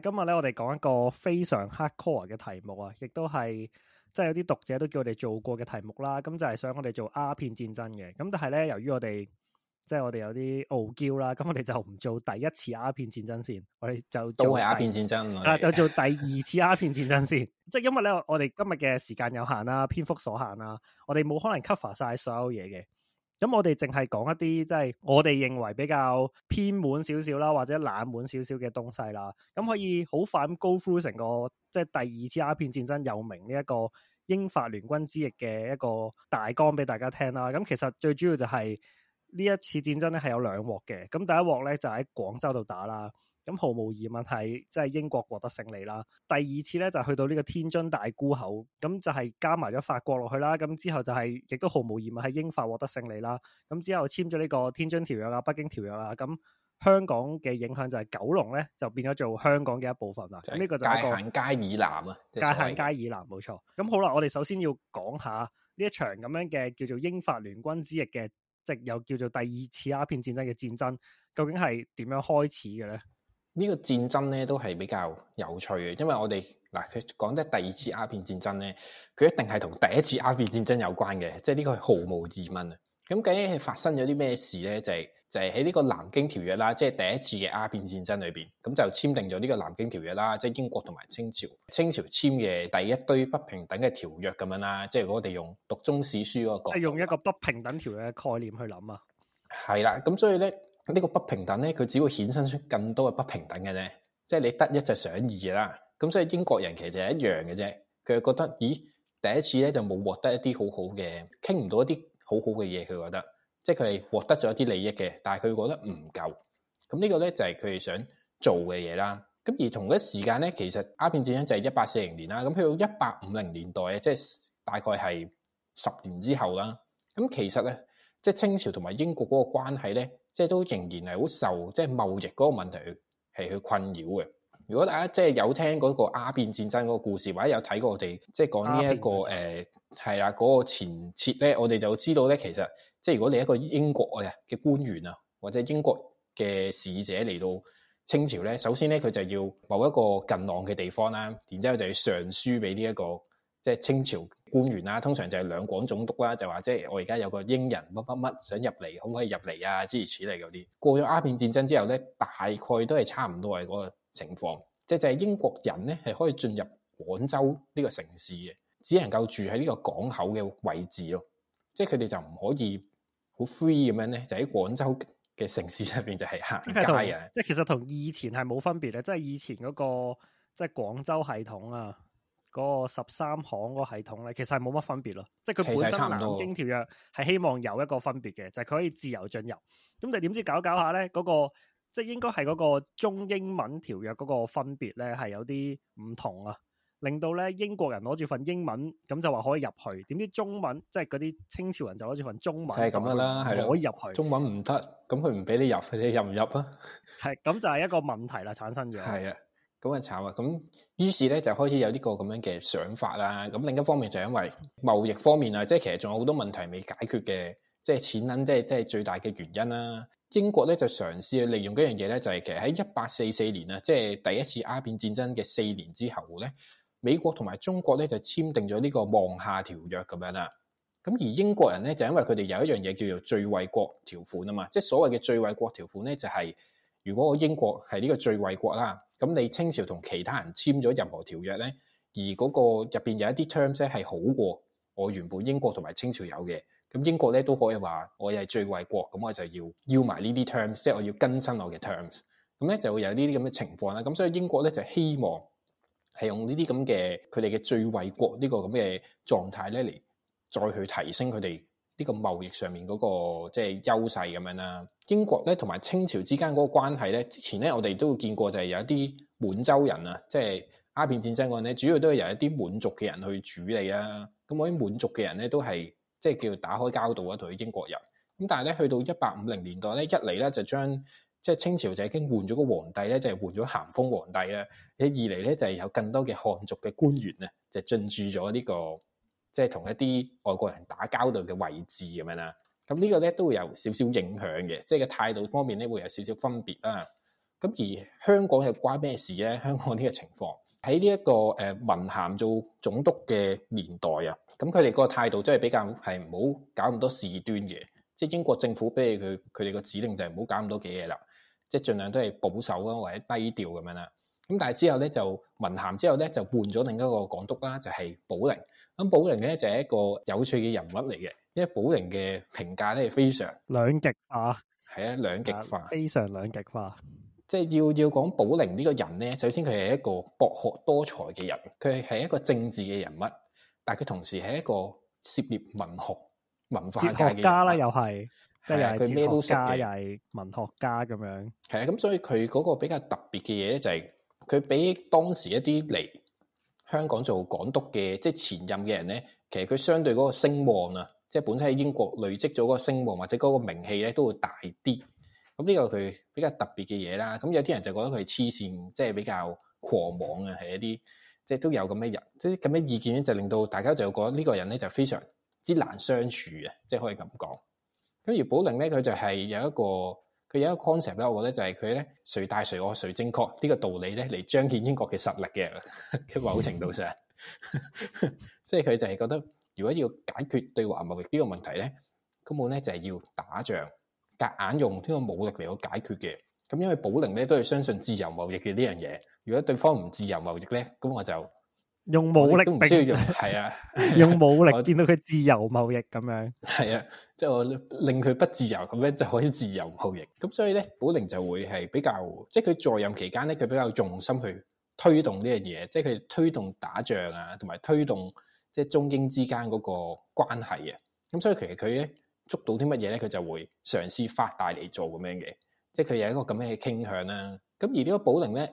今日咧，我哋講一個非常 hard core 嘅題目啊，亦都係即係有啲讀者都叫我哋做過嘅題目啦。咁就係、是，想我哋做鴉片戰爭嘅。咁但係咧，由於我哋即係我哋有啲傲嬌啦，咁我哋就唔做第一次鴉片戰爭先，我哋就都係鴉片戰爭。啊， 就做第二次鴉片戰爭先，即 係因為咧，我我哋今日嘅時間有限啦，篇幅所限啦，我哋冇可能 cover 晒所有嘢嘅。咁我哋淨係講一啲即係我哋認為比較偏門少少啦，或者冷門少少嘅東西啦。咁可以好快咁 go through 成個即係、就是、第二次鴉片戰爭又名呢一、這個英法聯軍之役嘅一個大綱俾大家聽啦。咁其實最主要就係、是、呢一次戰爭咧係有兩鑊嘅。咁第一鑊咧就喺、是、廣州度打啦。咁毫無疑問係即係英國獲得勝利啦。第二次咧就是、去到呢個天津大沽口，咁就係加埋咗法國落去啦。咁之後就係、是、亦都毫無疑問係英法獲得勝利啦。咁之後簽咗呢個天津條約啦、北京條約啦。咁香港嘅影響就係九龍咧就變咗做香港嘅一部分啦。咁、就、呢、是這個就係個界限街以南啊，界限街以南冇、就是、錯。咁好啦，我哋首先要講下呢一場咁樣嘅叫做英法聯軍之役嘅，即、就、又、是、叫做第二次鴉片戰爭嘅戰爭，究竟係點樣開始嘅咧？呢個戰爭咧都係比較有趣嘅，因為我哋嗱，佢講得第二次鴉片戰爭咧，佢一定係同第一次鴉片戰爭有關嘅，即係呢個毫無疑問啊。咁究竟係發生咗啲咩事咧？就係就係喺呢個南京條約啦，即係第一次嘅鴉片戰爭裏邊，咁就簽訂咗呢個南京條約啦，即係英國同埋清朝清朝簽嘅第一堆不平等嘅條約咁樣啦。即係如果我哋用讀中史書嗰個，係用一個不平等條約嘅概念去諗啊。係啦，咁所以咧。呢個不平等咧，佢只會衍生出更多嘅不平等嘅啫。即係你得一就想二嘅啦，咁所以英國人其實係一樣嘅啫。佢覺得咦，第一次咧就冇獲得一啲好好嘅，傾唔到一啲好好嘅嘢。佢覺得即係佢係獲得咗一啲利益嘅，但係佢覺得唔夠。咁呢個咧就係佢哋想做嘅嘢啦。咁而同一時間咧，其實鴉片戰爭就係一八四零年啦。咁去到一八五零年代，即係大概係十年之後啦。咁其實咧，即係清朝同埋英國嗰個關係咧。即係都仍然係好受，即係貿易嗰個問題係去困擾嘅。如果大家即係有聽嗰個鴉片戰爭嗰個故事，或者有睇過我哋即係講呢、這、一個誒係啦嗰個前設咧，我哋就知道咧，其實即係如果你一個英國嘅嘅官員啊，或者英國嘅使者嚟到清朝咧，首先咧佢就要某一個近岸嘅地方啦，然之後就要上書俾呢一個即係清朝。官員啊，通常就係兩廣總督啦、啊，就話即係我而家有個英人乜乜乜想入嚟，可唔可以入嚟啊？諸如此類嗰啲。過咗鴉片戰爭之後咧，大概都係差唔多係嗰個情況，即係就係英國人咧係可以進入廣州呢個城市嘅，只能夠住喺呢個港口嘅位置咯，即係佢哋就唔可以好 free 咁樣咧，就喺廣州嘅城市入邊就係行街啊。即係其實同以前係冇分別咧，即係以前嗰個即係廣州系統啊。嗰十三行嗰個系統咧，其實係冇乜分別咯。即係佢本身《南京條約》係希望有一個分別嘅，就係、是、佢可以自由進入。咁但係點知搞搞下咧，嗰、嗰個即係應該係嗰個中英文條約嗰個分別咧，係有啲唔同啊，令到咧英國人攞住份英文，咁就話可以入去。點知中文即係嗰啲清朝人就攞住份中文，就係咁噶啦，係可以入去。中文唔得，咁佢唔俾你入，佢哋入唔入啊？係 咁就係一個問題啦，產生咗。係啊。咁啊，慘啊！咁於是咧就開始有呢個咁樣嘅想法啦。咁另一方面就因為貿易方面啊，即係其實仲有好多問題未解決嘅，即係錢銀，即係即係最大嘅原因啦。英國咧就嘗試去利用一樣嘢咧，就係其實喺一八四四年啊，即係第一次鴉片戰爭嘅四年之後咧，美國同埋中國咧就簽訂咗呢個望廈條約咁樣啦。咁而英國人咧就因為佢哋有一樣嘢叫做最惠國條款啊嘛，即係所謂嘅最惠國條款咧，就係如果英國係呢個最惠國啦。咁你清朝同其他人簽咗任何條約咧，而嗰個入邊有一啲 terms 咧係好過我原本英國同埋清朝有嘅，咁英國咧都可以話我又係最惠國，咁我就要要埋呢啲 terms，即係我要更新我嘅 terms，咁咧就會有呢啲咁嘅情況啦。咁所以英國咧就希望係用呢啲咁嘅佢哋嘅最惠國呢個咁嘅狀態咧嚟再去提升佢哋呢個貿易上面嗰個即係優勢咁樣啦。英國咧同埋清朝之間嗰個關係咧，之前咧我哋都會見過，就係有一啲滿洲人啊，即係鴉片戰爭嗰陣咧，主要都係由一啲滿族嘅人去主理啦、啊。咁嗰啲滿族嘅人咧，都係即係叫打開交道啊，同啲英國人。咁但係咧，去到一八五零年代咧，一嚟咧就將即係清朝就已經換咗個皇帝咧，就係換咗咸豐皇帝啦。二嚟咧就係有更多嘅漢族嘅官員啊，就進駐咗呢個即係同一啲外國人打交道嘅位置咁樣啦。咁呢個咧都會有少少影響嘅，即係個態度方面咧會有少少分別啦、啊。咁而香港又關咩事咧？香港呢個情況喺呢一個誒、呃、文咸做總督嘅年代啊，咁佢哋個態度真係比較係唔好搞咁多事端嘅，即係英國政府俾佢佢哋個指令就係唔好搞咁多嘅嘢啦，即係儘量都係保守啊或者低調咁樣啦。咁但係之後咧就文咸之後咧就換咗另一個港督啦、啊，就係、是、保齡咁保齡咧就係、是、一個有趣嘅人物嚟嘅。因為寶靈嘅評價咧係非常兩極化，係啊，兩極化，非常兩極化。即係要要講寶靈呢個人咧，首先佢係一個博學多才嘅人，佢係一個政治嘅人物，但係佢同時係一個涉獵文學文化嘅作家啦，又係即係佢咩都識嘅，又係文學家咁樣，係啊。咁所以佢嗰個比較特別嘅嘢咧，就係、是、佢比當時一啲嚟香港做港督嘅即係前任嘅人咧，其實佢相對嗰個聲望啊。即本身喺英國累積咗嗰個聲望或者嗰個名氣咧，都會大啲。咁呢個佢比較特別嘅嘢啦。咁有啲人就覺得佢係黐線，即係比較狂妄啊，係一啲即係都有咁嘅人，啲咁嘅意見咧，就令到大家就覺得呢個人咧就非常之難相處啊，即係可以咁講。咁而寶靈咧，佢就係有一個佢有一個 concept 我覺得就係佢咧，誰大誰惡誰正確呢個道理咧，嚟彰顯英國嘅實力嘅。 喺某程度上，即係佢就係覺得。如果要解決對華貿易呢個問題咧，根本咧就係要打仗，夾硬用呢個武力嚟到解決嘅。咁因為寶靈咧都係相信自由貿易嘅呢樣嘢。如果對方唔自由貿易咧，咁我就用武力。都唔需要用，係啊，用武力。我見到佢自由貿易咁樣，係 啊，即係我令佢不自由，咁樣就可以自由貿易。咁所以咧，寶靈就會係比較，即係佢在任期間咧，佢比較重心去推動呢樣嘢，即係佢推動打仗啊，同埋推動。即係中英之間嗰個關係嘅，咁所以其實佢咧捉到啲乜嘢咧，佢就會嘗試發大嚟做咁樣嘅，即係佢有一個咁樣嘅傾向啦。咁而呢個保寧咧，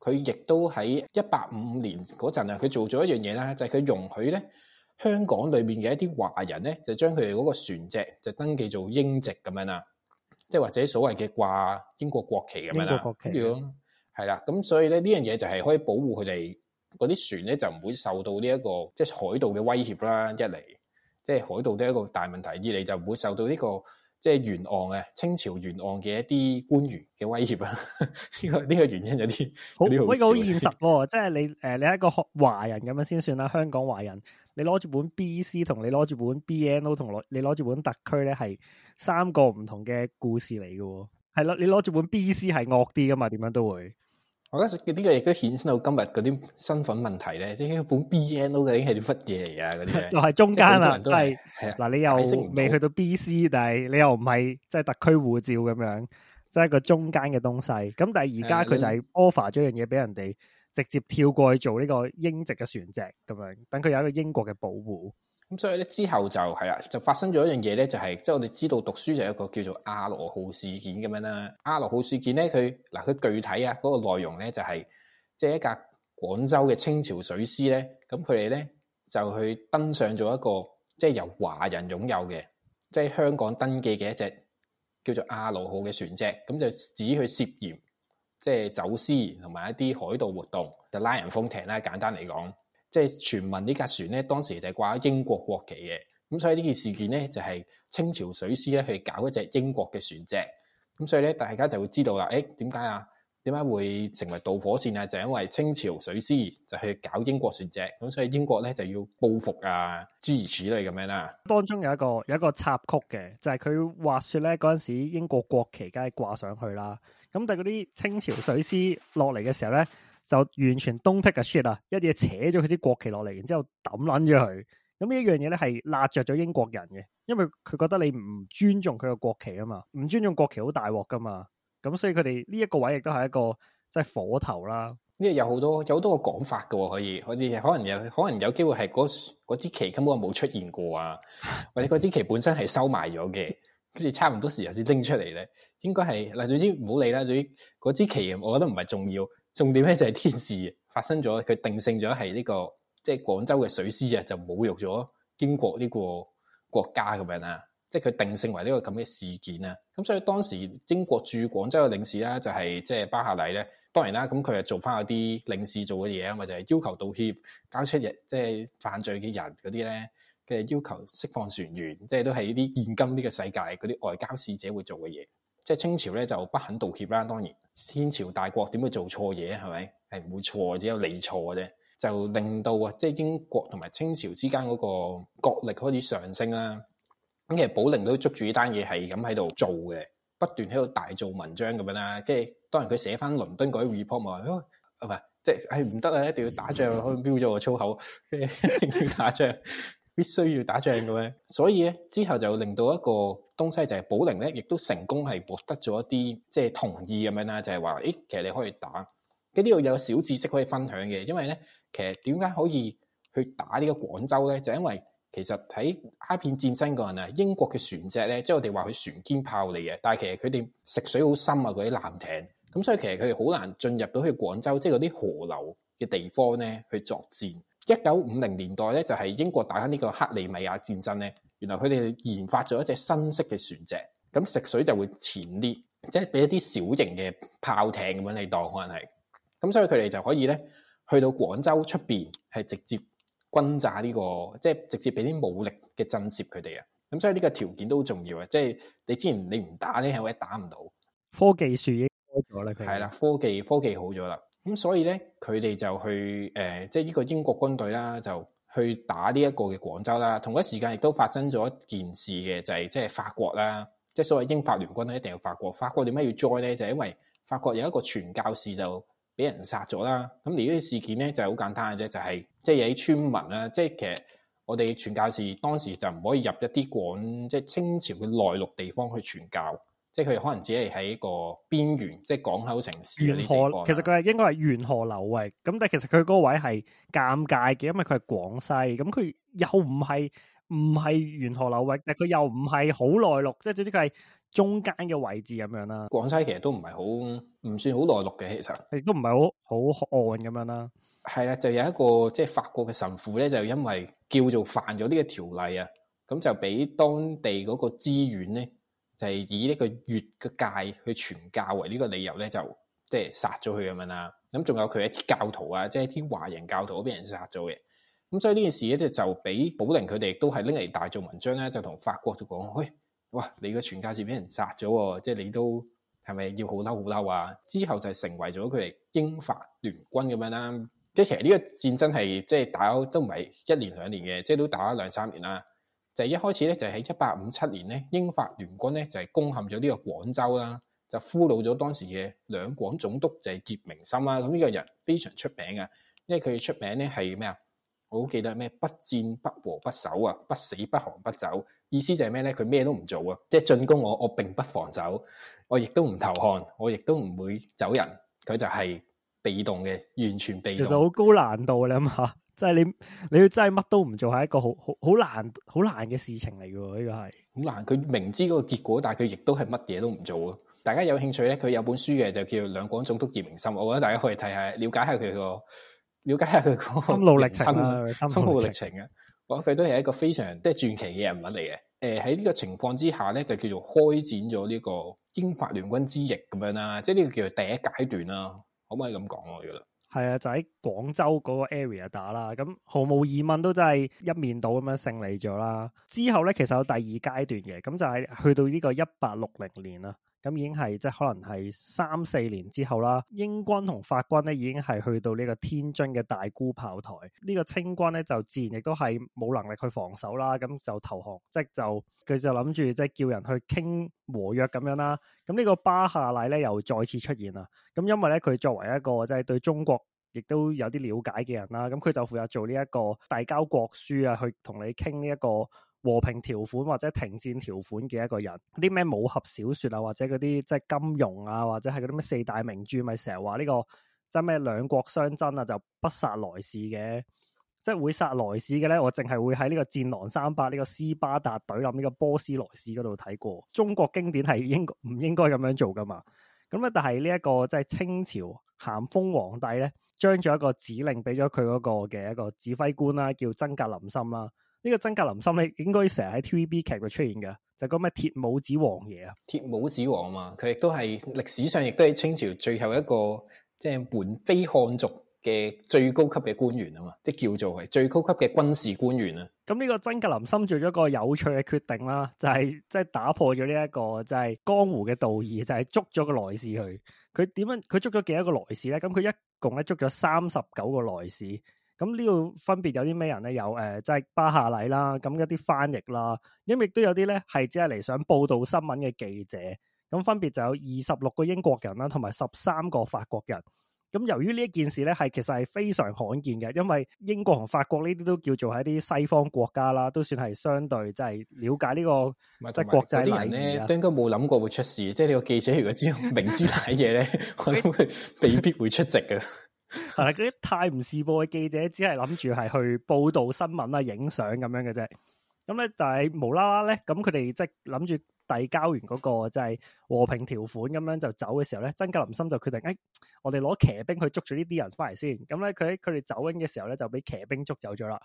佢亦都喺一八五五年嗰陣啊，佢做咗一樣嘢啦，就係、是、佢容許咧香港裏面嘅一啲華人咧，就將佢哋嗰個船隻就登記做英籍咁樣啦，即係或者所謂嘅掛英國國旗咁樣啦，英國國旗樣係啦。咁所以咧呢樣嘢就係可以保護佢哋。嗰啲船咧就唔會受到呢一個即係海盜嘅威脅啦。一嚟，即係海盜呢一個大問題；二嚟就唔會受到呢個即係沿岸嘅清朝沿岸嘅一啲官員嘅威脅啊。呢個呢個原因有啲好，呢個好現實。即係你誒，你係一個學華人咁樣先算啦。香港華人，你攞住本 B.C 同你攞住本 B.N.O 同你攞住本特區咧，係三個唔同嘅故事嚟嘅。係咯，你攞住本 B.C 係惡啲噶嘛？點樣都會。我覺得佢呢個亦都衍生到今日嗰啲身份問題咧，即係一本 BNO 究竟係啲乜嘢嚟啊？啲 就係中間啦，就是、都係嗱，你又未去到 BC，但係你又唔係 即係特區護照咁樣，即、就、係、是、一個中間嘅東西。咁但係而家佢就係 offer 咗樣嘢俾人哋，直接跳過去做呢個英籍嘅船隻咁樣，等佢有一個英國嘅保護。咁、嗯、所以咧，之後就係啊，就發生咗一樣嘢咧，就係即係我哋知道讀書就有一個叫做阿羅號事件咁樣啦。阿羅號事件咧，佢嗱佢具體啊嗰個內容咧就係即係一架廣州嘅清朝水師咧，咁佢哋咧就去登上咗一個即係、就是、由華人擁有嘅，即、就、係、是、香港登記嘅一隻叫做阿羅號嘅船隻，咁就指去涉嫌即係、就是、走私同埋一啲海盜活動，就拉人封艇啦。簡單嚟講。即係傳聞呢架船咧，當時就係掛喺英國國旗嘅。咁所以呢件事件咧，就係清朝水師咧去搞一隻英國嘅船隻。咁所以咧，大家就會知道啦。誒點解啊？點解會成為導火線啊？就因為清朝水師就去搞英國船隻。咁所以英國咧就要報復啊，諸如此類咁樣啦。當中有一個有一個插曲嘅，就係佢話說咧嗰陣時，英國國旗梗係掛上去啦。咁但係嗰啲清朝水師落嚟嘅時候咧。就完全 don't take a shit 啊，一嘢扯咗佢啲國旗落嚟，然之後抌捻咗佢。咁呢一樣嘢咧係辣着咗英國人嘅，因為佢覺得你唔尊重佢個國旗啊嘛，唔尊重國旗好大鑊噶嘛。咁所以佢哋呢一個位亦都係一個即係火頭啦。呢、這個、有好多有好多講法噶，哦，可以可以可能有可能有機會係嗰支旗根本冇出現過啊， 或者嗰支旗本身係收埋咗嘅，跟住差唔多時候先拎出嚟咧。應該係嗱，總之唔好理啦。總之嗰支旗，我覺得唔係重要。重點咧就係天時發生咗，佢定性咗係呢個即係廣州嘅水師啊，就侮辱咗英國呢個國家咁樣啦，即係佢定性為呢個咁嘅事件啦。咁所以當時英國駐廣州嘅領事啦，就係即係巴夏禮咧。當然啦，咁佢係做翻嗰啲領事做嘅嘢，吖嘛，就係要求道歉，交出人即係犯罪嘅人嗰啲咧嘅要求釋放船員，即係都係呢啲現今呢個世界嗰啲外交使者會做嘅嘢。即係清朝咧就不肯道歉啦，當然。天朝大國點會做錯嘢，係咪？係唔會錯，只有你錯嘅啫。就令到啊，即係英國同埋清朝之間嗰個國力開始上升啦。咁其實寶靈都捉住呢單嘢係咁喺度做嘅，不斷喺度大做文章咁樣啦。即係當然佢寫翻倫敦啲 report 話，哦，唔係，即係係唔得啊，一定要打仗。 我飆咗個粗口， 要打仗。必須要打仗嘅咩？所以咧之後就令到一個東西就係、是、保寧咧，亦都成功係獲得咗一啲即係同意咁樣啦，就係話誒，其實你可以打。呢啲度有小知識可以分享嘅，因為咧其實點解可以去打這個廣呢個廣州咧？就是、因為其實喺鴉片戰爭嗰陣啊，英國嘅船隻咧，即、就、係、是、我哋話佢船堅炮利嘅，但係其實佢哋食水好深啊，嗰啲艦艇，咁所以其實佢哋好難進入到去廣州，即係嗰啲河流嘅地方咧去作戰。一九五零年代咧，就係、是、英國打緊呢個克里米亞戰爭咧。原來佢哋研發咗一隻新式嘅船隻，咁食水就會淺啲，即係俾一啲小型嘅炮艇咁樣嚟當，可能係咁，所以佢哋就可以咧去到廣州出邊，係直接轟炸呢、這個，即係直接俾啲武力嘅震懾佢哋啊。咁所以呢個條件都好重要啊。即係你之前你唔打咧，係咪打唔到？科技樹已經開咗啦，佢係啦，科技科技好咗啦。咁所以咧，佢哋就去誒，即係呢個英國軍隊啦，就去打呢一個嘅廣州啦。同一時間亦都發生咗一件事嘅，就係即係法國啦，即係所謂英法聯軍一定要法國。法國點解要 join 咧？就係因為法國有一個傳教士就俾人殺咗啦。咁而呢啲事件咧就係好簡單嘅啫，就係即係有啲村民啦，即係其實我哋傳教士當時就唔可以入一啲廣即係清朝嘅內陸地方去傳教。即係佢可能只係喺一個邊緣，即係港口城市嗰啲地方。其實佢係應該係沿河流域，咁但係其實佢嗰個位係尷尬嘅，因為佢係廣西，咁佢又唔係唔係沿河流域，但佢又唔係好內陸，即係總之佢係中間嘅位置咁樣啦。廣西其實都唔係好，唔算好內陸嘅，其實亦都唔係好好岸咁樣啦。係啦，就有一個即係法國嘅神父咧，就因為叫做犯咗呢個條例啊，咁就俾當地嗰個資源咧。就係、是、以呢個越嘅界去傳教為呢個理由咧，就即、是、係殺咗佢咁樣啦。咁仲有佢一啲教徒啊，即係一啲華人教徒俾人殺咗嘅。咁所以呢件事咧就就俾寶靈佢哋都係拎嚟大做文章咧，就同法國就講喂、哎，哇！你個傳教士俾人殺咗，即、就、係、是、你都係咪要好嬲好嬲啊？之後就成為咗佢哋英法聯軍咁樣啦。即係其實呢個戰爭係即係打都唔係一年兩年嘅，即係都打咗兩三年啦。就係、是、一開始咧，就係一八五七年咧，英法聯軍咧就係、是、攻陷咗呢個廣州啦，就俘虜咗當時嘅兩廣總督就係葉名琛啦。咁、嗯、呢、這個人非常出名嘅，因為佢出名咧係咩啊？我好記得咩？不戰不和不守啊，不死不降不走。意思就係咩咧？佢咩都唔做啊，即係進攻我，我並不防守，我亦都唔投降，我亦都唔會走人。佢就係被動嘅，完全被動。其實好高難度啦嘛。你諗下。即、就、係、是、你你要真係乜都唔做，係一個好好好難好難嘅事情嚟嘅，呢個係好難。佢明知嗰個結果，但係佢亦都係乜嘢都唔做啊！大家有興趣咧，佢有本書嘅，就叫《兩廣總督葉名琛》。我覺得大家可以睇下，了解下佢個了解下佢心路歷程啊，心路歷程啊！我諗佢都係一個非常即係傳奇嘅人物嚟嘅。誒、呃，喺呢個情況之下咧，就叫做開展咗呢個英法聯軍之役咁樣啦，即係呢個叫做第一階段啦、啊，可唔可以咁講？我覺得。係啊，就喺廣州嗰個 area 打啦，咁毫無疑問都真係一面倒咁樣勝利咗啦。之後咧，其實有第二階段嘅，咁就係去到呢個一八六零年啦。咁已經係即可能係三四年之後啦，英軍同法軍咧已經係去到呢個天津嘅大沽炮台，呢個清軍咧就自然亦都係冇能力去防守啦，咁就投降，即就佢就諗住即叫人去傾和約咁樣啦。咁呢個巴夏禮咧又再次出現啦。咁因為咧佢作為一個即係對中國亦都有啲了解嘅人啦，咁佢就負責做呢一個遞交國書啊，去同你傾呢一個和平條款或者停戰條款嘅一個人，啲咩武俠小說啊，或者嗰啲即係金庸啊，或者係嗰啲咩四大名著，咪成日話呢個即係咩兩國相爭啊，就不殺來使嘅，即係會殺來使嘅咧。我淨係會喺呢個戰狼三百、呢個斯巴達隊冧呢個波斯來使嗰度睇過。中國經典係應唔應該咁樣做噶嘛？咁啊，但係呢一個即係清朝咸豐皇帝咧，將咗一個指令俾咗佢嗰個嘅一個指揮官啦、啊，叫僧格林沁啦。呢、這個曾格林森咧，應該成日喺 TVB 劇度出現嘅，就係、是、個咩鐵帽子王爺啊？鐵帽子王啊嘛，佢亦都係歷史上亦都係清朝最後一個即係本非漢族嘅最高級嘅官員啊嘛，即、就、係、是、叫做係最高級嘅軍事官員啊。咁呢個曾格林森做咗個有趣嘅決定啦，就係即係打破咗呢一個，就係、是、江湖嘅道義，就係、是、捉咗個來使去。佢點樣？佢捉咗幾多個來使咧？咁佢一共咧捉咗三十九個來使。咁呢度分別有啲咩人咧？有即係、呃就是、巴夏禮啦，咁一啲翻譯啦，因為亦都有啲咧係只係嚟想報道新聞嘅記者。咁分別就有二十六個英國人啦，同埋十三個法國人。咁由於呢一件事咧，係其實係非常罕見嘅，因為英國同法國呢啲都叫做係一啲西方國家啦，都算係相對即係了解呢、這個、就是、國際禮儀人咧，都應該冇諗過會出事。即 係你個記者如果知明知睇嘢咧，我諗佢未必會出席嘅。 係 啦，嗰啲泰晤士報嘅記者，只係諗住係去報道新聞啊、影相咁樣嘅啫。咁咧就係無啦啦咧，咁佢哋即係諗住遞交完嗰個即係和平條款，咁樣就走嘅時候咧，僧格林沁就決定，誒、哎，我哋攞騎兵去捉住呢啲人翻嚟先。咁咧佢佢哋走完嘅時候咧，就俾騎兵捉走咗啦。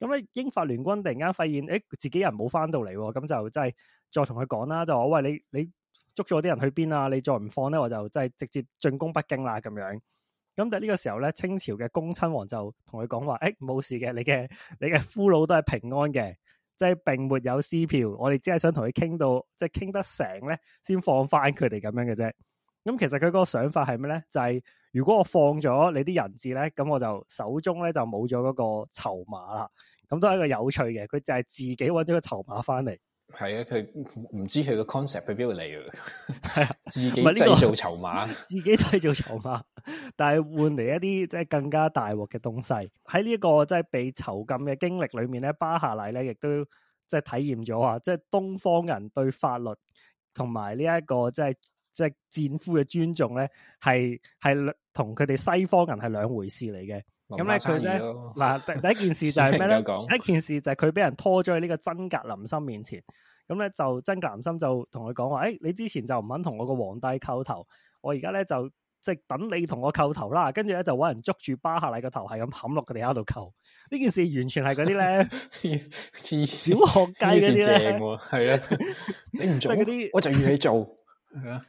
咁咧英法聯軍突然間發現，誒、哎，自己人冇翻到嚟，咁就真係再同佢講啦，就話，喂我喂你你捉咗啲人去邊啊？你再唔放咧，我就真係直接進攻北京啦，咁樣。咁但係呢個時候咧，清朝嘅恭親王就同佢講話，誒、哎，冇事嘅，你嘅你嘅俘虜都係平安嘅，即係並沒有撕票，我哋只係想同佢傾到，即係傾得成咧，先放翻佢哋咁樣嘅啫。咁其實佢個想法係咩咧？就係、是、如果我放咗你啲人質咧，咁我就手中咧就冇咗嗰個籌碼啦。咁都係一個有趣嘅，佢就係自己揾咗個籌碼翻嚟。係啊，佢唔知佢、 個 concept 邊度嚟嘅。係啊，自己製造籌碼，自己製造籌碼，但係換嚟一啲即係更加大鑊嘅東西。喺呢一個即係被囚禁嘅經歷裏面咧，巴夏禮咧亦都即係體驗咗啊！即係東方人對法律同埋呢一個即係即係戰俘嘅尊重咧，係係同佢哋西方人係兩回事嚟嘅。咁咧佢咧嗱第第一件事就係咩咧？一件事就係佢俾人拖咗去呢個僧格林沁面前，咁咧就僧格林沁就同佢講話：，誒、哎，你之前就唔肯同我個皇帝叩頭，我而家咧就即係、就是、等你同我叩頭啦。跟住咧就搵人捉住巴夏禮個頭，係咁冚落個地下度叩。呢件事完全係嗰啲咧，小學雞嗰啲咧，係啊， 你唔做嗰啲、就是，我就要你做。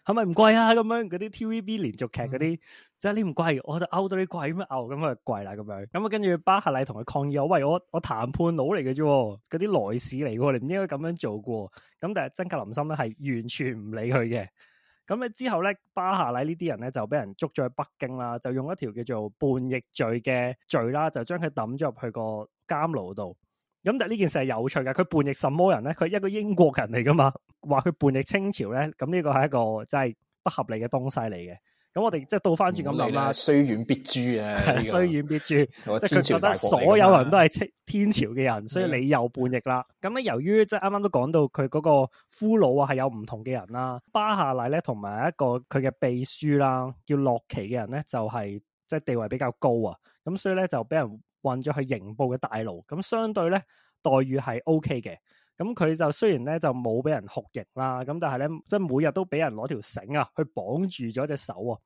係咪唔貴啊？咁樣嗰啲 TVB 連續劇嗰啲、嗯、即係你唔貴，我就拗到你貴咁牛拗，咁啊貴啦咁樣，咁啊跟住巴夏禮同佢抗議，喂我喂我我談判佬嚟嘅啫，嗰啲來使嚟，嘅你唔應該咁樣做過。咁但係僧格林沁咧係完全唔理佢嘅。咁啊之後咧，巴夏禮呢啲人咧就俾人捉咗去北京啦，就用一條叫做叛逆罪嘅罪啦，就將佢抌咗入去個監牢度。咁但係呢件事係有趣嘅，佢叛逆什麼人咧？佢一個英國人嚟噶嘛，話佢叛逆清朝咧，咁、這、呢個係一個真係不合理嘅東西嚟嘅。咁我哋即係倒翻轉咁諗啦，雖遠必誅啊、這個，雖遠必誅，這個、即係佢覺得所有人都係清天朝嘅人、嗯，所以你又叛逆啦。咁、嗯、咧，由於即係啱啱都講到佢嗰個俘虜啊，係有唔同嘅人啦，巴夏禮咧同埋一個佢嘅秘書啦，叫洛奇嘅人咧，就係、是、即係地位比較高啊，咁所以咧就俾人。混咗去刑部嘅大路，咁相對咧待遇係 O K 嘅，咁佢就雖然咧就冇俾人酷刑啦，咁但係咧即係每日都俾人攞條繩啊去綁住咗隻手啊，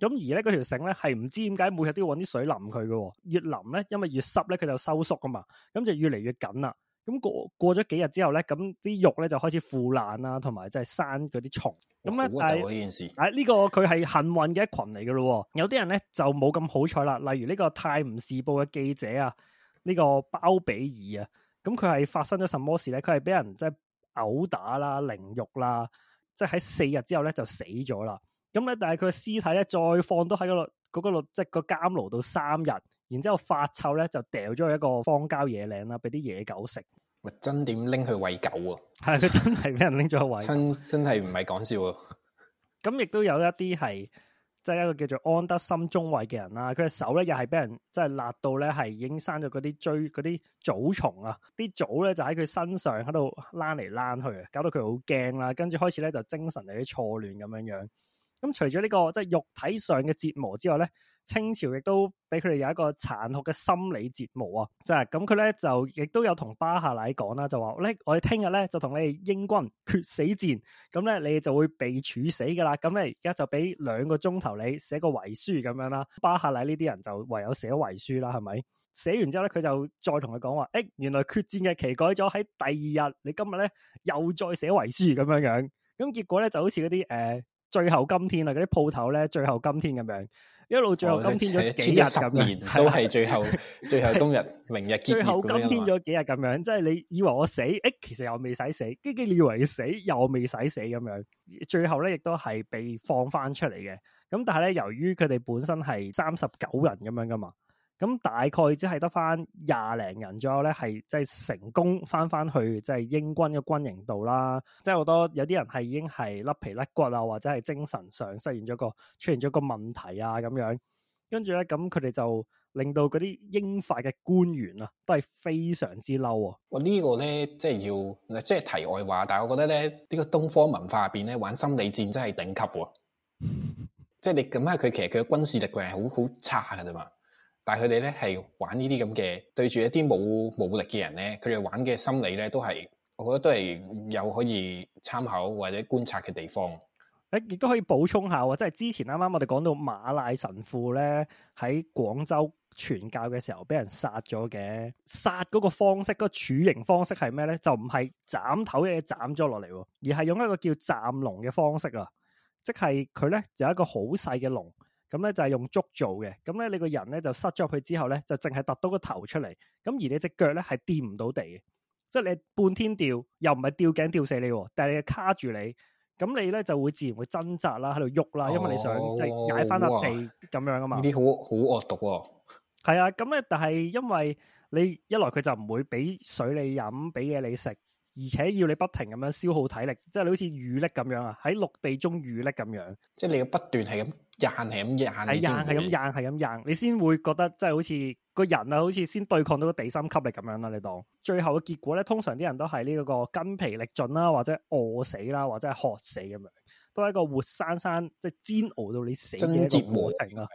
咁而咧嗰條繩咧係唔知點解每日都要搵啲水淋佢嘅、啊，越淋咧因為越濕咧佢就收縮啊嘛，咁就越嚟越緊啦。咁過過咗幾日之後咧，咁啲肉咧就開始腐爛啦，同埋即係生嗰啲蟲。咁咧，但係呢件事，呢個佢係幸運嘅一群嚟嘅咯。有啲人咧就冇咁好彩啦。例如呢個泰晤士報嘅記者啊，呢、呢個包比爾啊，咁佢係發生咗什麼事咧？佢係俾人即係毆打啦、凌辱啦，即係喺四日之後咧就死咗啦。咁咧，但係佢嘅屍體咧再放都喺嗰度，即、嗰、係個監、嗰個嗰個、牢度三日。然之後發臭咧，就掉咗去一個荒郊野嶺啦，俾啲野狗食。咪真點拎佢餵狗啊？係佢真係俾人拎咗餵狗 真。真真係唔係講笑。咁亦都有一啲係，即、就、係、是、一個叫做安德心中慰嘅人啦。佢嘅手咧，又係俾人即係、就是、辣到咧，係已經生咗嗰啲蛆嗰啲蛆蟲，啊。啲蛆咧就喺佢身上喺度躝嚟躝去啊，搞到佢好驚啦。跟住開始咧就精神有啲錯亂咁樣樣。咁除咗呢個即係、就是、肉體上嘅折磨之外咧。清朝亦都俾佢哋有一個殘酷嘅心理折磨啊，即係咁佢咧就亦都有同巴夏禮講啦，就話：，咧我哋聽日咧就同你英軍決死戰，咁咧你就會被處死噶啦。咁咧而家就俾兩個鐘頭你寫個遺書咁樣啦。巴夏禮呢啲人就唯有寫遺書啦，係咪？寫完之後咧，佢就再同佢講話：，誒、哎，原來決戰嘅期改咗喺第二日。你今日咧又再寫遺書咁樣樣，咁結果咧就好似嗰啲誒最後今天啊，嗰啲鋪頭咧最後今天咁樣。一路最後今天咗幾日咁，哦就是、都係最後最後今日明日結束最後今天咗幾日咁樣， 樣，即係你以為我死，哎、其實又未使死，跟你以為死，以為死又未使死咁樣，最後呢，亦都係被放返出嚟嘅。咁但係咧，由於佢哋本身係三十九人咁樣㗎嘛。咁大概只係得翻廿零人左右咧，係即係成功翻翻去即係英軍嘅軍營度啦。即係好多有啲人係已經係甩皮甩骨啊，或者係精神上失現出現咗個出現咗個問題啊咁樣。跟住咧，咁佢哋就令到嗰啲英法嘅官員啊，都係非常之嬲啊！我、這個、呢個咧，即、就、係、是、要即係題外話，但係我覺得咧，呢、這個東方文化入邊咧玩心理戰真係頂級的。 即係你咁睇佢，其實佢嘅軍事力量係好好差噶啫嘛。但佢哋咧係玩呢啲咁嘅，對住一啲冇武，武力嘅人咧，佢哋玩嘅心理咧，都係我覺得都係有可以參考或者觀察嘅地方。誒，亦都可以補充下喎，即係之前啱啱我哋講到馬賴神父咧喺廣州傳教嘅時候，俾人殺咗嘅，殺嗰個方式，嗰、嗰個處刑方式係咩咧？就唔係斬頭嘅斬咗落嚟，而係用一個叫站籠嘅方式啊，即係佢咧有一個好細嘅籠。咁、嗯、咧就係、是、用竹做嘅，咁、嗯、咧你個人咧就塞咗佢去之後咧，就淨係突到個頭出嚟，咁、嗯、而你隻腳咧係掂唔到地嘅，即係你半天吊又唔係吊頸吊死你，但係你係卡住你，咁、嗯、你咧就會自然會掙扎啦，喺度喐啦，因為你想即係解翻落地咁樣啊嘛，呢啲好好惡毒，係啊，咁、嗯、咧、嗯嗯、但係因為你一來佢就唔會俾水你飲，俾嘢你食。而且要你不停咁樣消耗體力，即係你好似雨力咁樣啊，喺陸地中雨力咁樣，即係你要不斷係咁硬係咁硬係咁硬係咁硬，硬硬硬，你先會覺得即係好似個人啊，好似先對抗到地心吸力咁樣啦。你當最後嘅結果咧，通常啲人都係呢嗰個筋疲力盡啦，或者餓死啦，或者係渴死咁樣，都係一個活生生即係、就是、煎熬到你死嘅一個過程啊。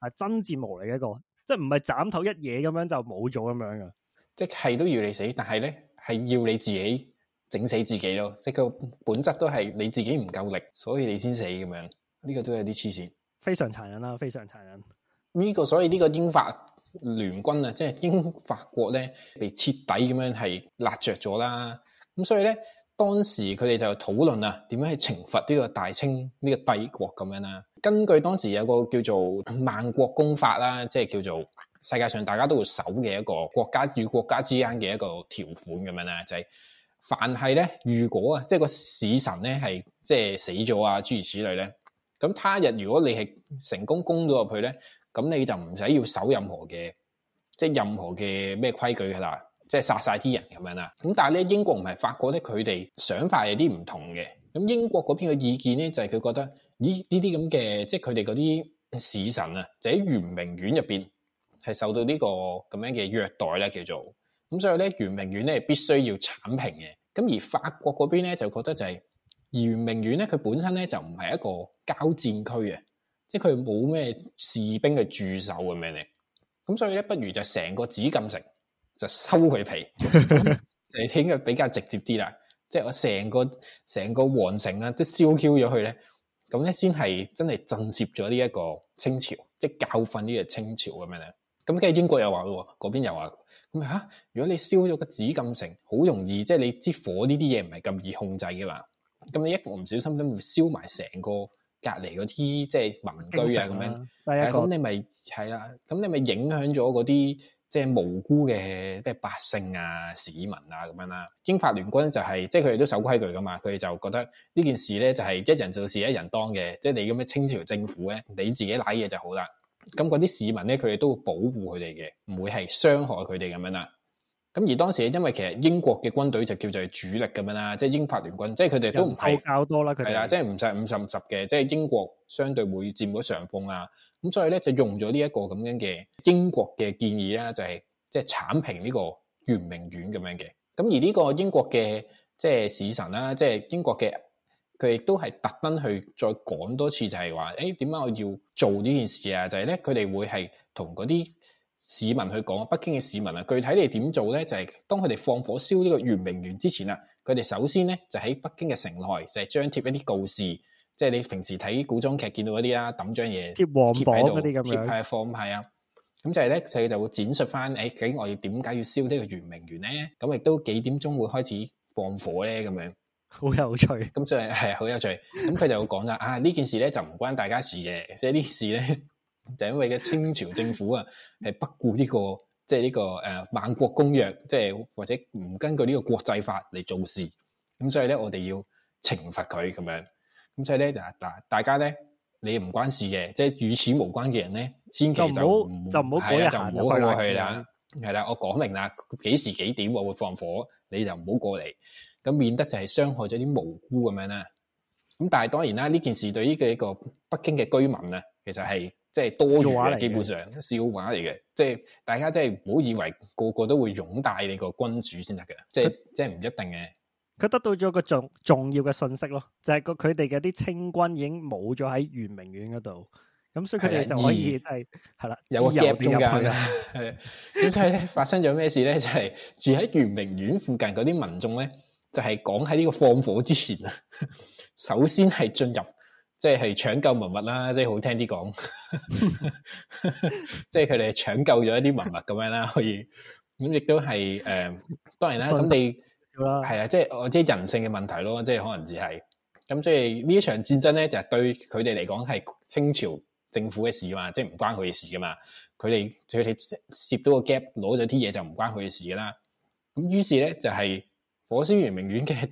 係真摯無理嘅一個，即係唔係斬頭一嘢咁樣就冇咗咁樣噶，即係都要你死，但係咧係要你自己。整死自己咯，即係個本質都係你自己唔夠力，所以你先死咁樣。呢個都有啲黐線，非常殘忍啦、啊，非常殘忍。呢個，所以呢個英法聯軍啊，即係英法國咧，被徹底咁樣係辣着咗啦。咁所以咧，當時佢哋就討論啊，點樣去懲罰呢個大清呢個帝國咁樣啦。根據當時有個叫做《萬國公法》啦，即係叫做世界上大家都會守嘅一個國家與國家之間嘅一個條款咁樣啦，就係。凡係咧，如果啊，即係個使臣咧，係即係死咗啊，諸如此類咧，咁他日如果你係成功攻咗入去咧，咁你就唔使要守任何嘅，即係任何嘅咩規矩噶啦，即係殺晒啲人咁樣啦。咁但係咧，英國唔係法國咧，佢哋想法有啲唔同嘅。咁英國嗰邊嘅意見咧，就係、是、佢覺得，咦呢啲咁嘅，即係佢哋嗰啲使臣啊，就喺圓明園入邊係受到呢、這個咁樣嘅虐待咧，叫做。咁所以咧，圓明園咧必須要鏟平嘅。咁而法國嗰邊咧就覺得就係、是、圓明園咧，佢本身咧就唔係一個交戰區嘅，即係佢冇咩士兵嘅駐守咁樣咧。咁所以咧，不如就成個紫禁城就收佢皮，就應該比較直接啲啦。即係我成個成個皇城啊，都燒 Q 咗佢咧。咁咧先係真係震懾咗呢一個清朝，即係教訓呢個清朝咁樣咧。咁跟住英國又話喎，嗰邊又話咁嚇。如果你燒咗個紫禁城，好容易，即係你支火呢啲嘢唔係咁易控制噶嘛。咁你一唔小心都會燒埋成個隔離嗰啲即係民居啊，咁樣。咁、啊、你咪係啦。咁你咪影響咗嗰啲即係無辜嘅即係百姓啊、市民啊，咁樣啦。英法聯軍就係、是、即係佢哋都守規矩噶嘛。佢哋就覺得呢件事咧就係、是、一人做事一人當嘅，即係你咁嘅清朝政府咧，你自己攋嘢就好啦。咁嗰啲市民咧，佢哋都會保護佢哋嘅，唔會係傷害佢哋咁樣啦。咁而當時咧，因為其實英國嘅軍隊就叫做主力咁樣啦，即係英法聯軍，即係佢哋都唔使交多啦，佢哋係啦，即係唔使五十五十嘅，即係英國相對會佔咗上風啊。咁所以咧就用咗呢一個咁樣嘅英國嘅建議啦，就是，就係即係鏟平呢個圓明園咁樣嘅。咁而呢個英國嘅即係使臣啦，即係英國嘅。佢亦都係特登去再講多次就是說，就係話，誒點解我要做呢件事啊？就係咧，佢哋會係同嗰啲市民去講，北京嘅市民啊。具體你點做咧？就係當佢哋放火燒呢個圓明園之前啊，佢哋首先咧就喺北京嘅城內就係張貼一啲告示，即係你平時睇古裝劇見到嗰啲啦，抌張嘢貼黃榜喺度嗰啲咁樣。貼喺個 form 係啊，咁就係咧，佢就會展述翻誒，究竟我要點解要燒呢個圓明園咧？咁亦都幾點鐘會開始放火咧？咁樣好有趣，咁所以係好有趣。咁佢就會講啦， 啊呢件事咧就唔關大家事嘅，即係呢事咧就是、因為嘅清朝政府啊係不顧呢、這個即係、這、呢個誒、呃《萬國公約》就是，即係或者唔根據呢個國際法嚟做事。咁所以咧，我哋要懲罰佢咁樣。咁所以咧就嗱，大家咧你唔關事嘅，即係與此無關嘅人咧，千祈就唔好就唔好過就唔好過去啦。係啦，我講明啦，幾時幾點我會放火，你就唔好過嚟。咁免得就係傷害咗啲無辜咁樣啦。咁但係當然啦，呢件事對於一個北京嘅居民呢，其實係即係多餘嘅，基本上笑話嚟嘅。即係大家即係唔好以為個個都會擁戴你個君主先得嘅，即係即係唔一定嘅。佢得到咗個重重要嘅信息咯，就係個佢哋嘅啲清軍已經冇咗喺圓明園嗰度，咁所以佢哋就可以即係係啦，自由做嘢啦。咁佢係咧，發生咗咩事咧？就係、是、住喺圓明園附近嗰啲民眾咧。就係講喺呢個放火之前啊，首先係進入，即、就、係、是、搶救文物啦，即係好聽啲講，即係佢哋搶救咗一啲文物咁樣啦。可以咁亦都係誒、呃，當然啦。咁你係啊，即係我即係人性嘅問題咯。即、就、係、是、可能只係咁，即係呢場戰爭咧，就係、是、對佢哋嚟講係清朝政府嘅事嘛，即係唔關佢嘅事噶嘛。佢哋佢哋涉到個 gap，攞咗啲嘢就唔關佢嘅事噶啦。咁於是咧就係、是。火燒圓明園嘅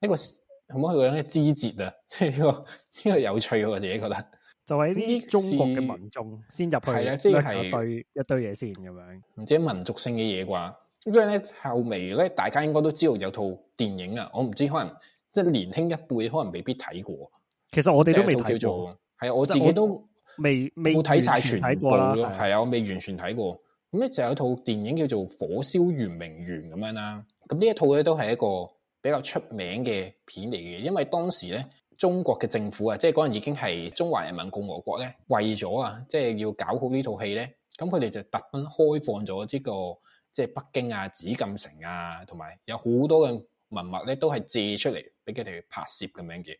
一個，可唔可以講一枝節啊？即係呢個呢、呢個呢個有趣我自己覺得就係呢啲中國嘅民眾先入去，係啦，即係一堆、啊就是、一堆嘢先咁樣，唔知民族性嘅嘢啩？因為咧後尾咧，大家應該都知道有一套電影啊，我唔知可能即係年輕一輩可能未必睇過。其實我哋都未叫做係啊，我自己都未未睇晒全部啦，係啊，我未完全睇過。咁咧就有一套電影叫做火原《火燒圓明園》咁樣啦。咁呢一套咧都係一個比較出名嘅片嚟嘅，因為當時咧中國嘅政府啊，即係嗰陣已經係中華人民共和國咧，為咗啊，即係要搞好套戲呢套戲咧，咁佢哋就特登開放咗呢、這個即係北京啊紫禁城啊，同埋有好多嘅文物咧都係借出嚟俾佢哋拍攝咁樣嘅。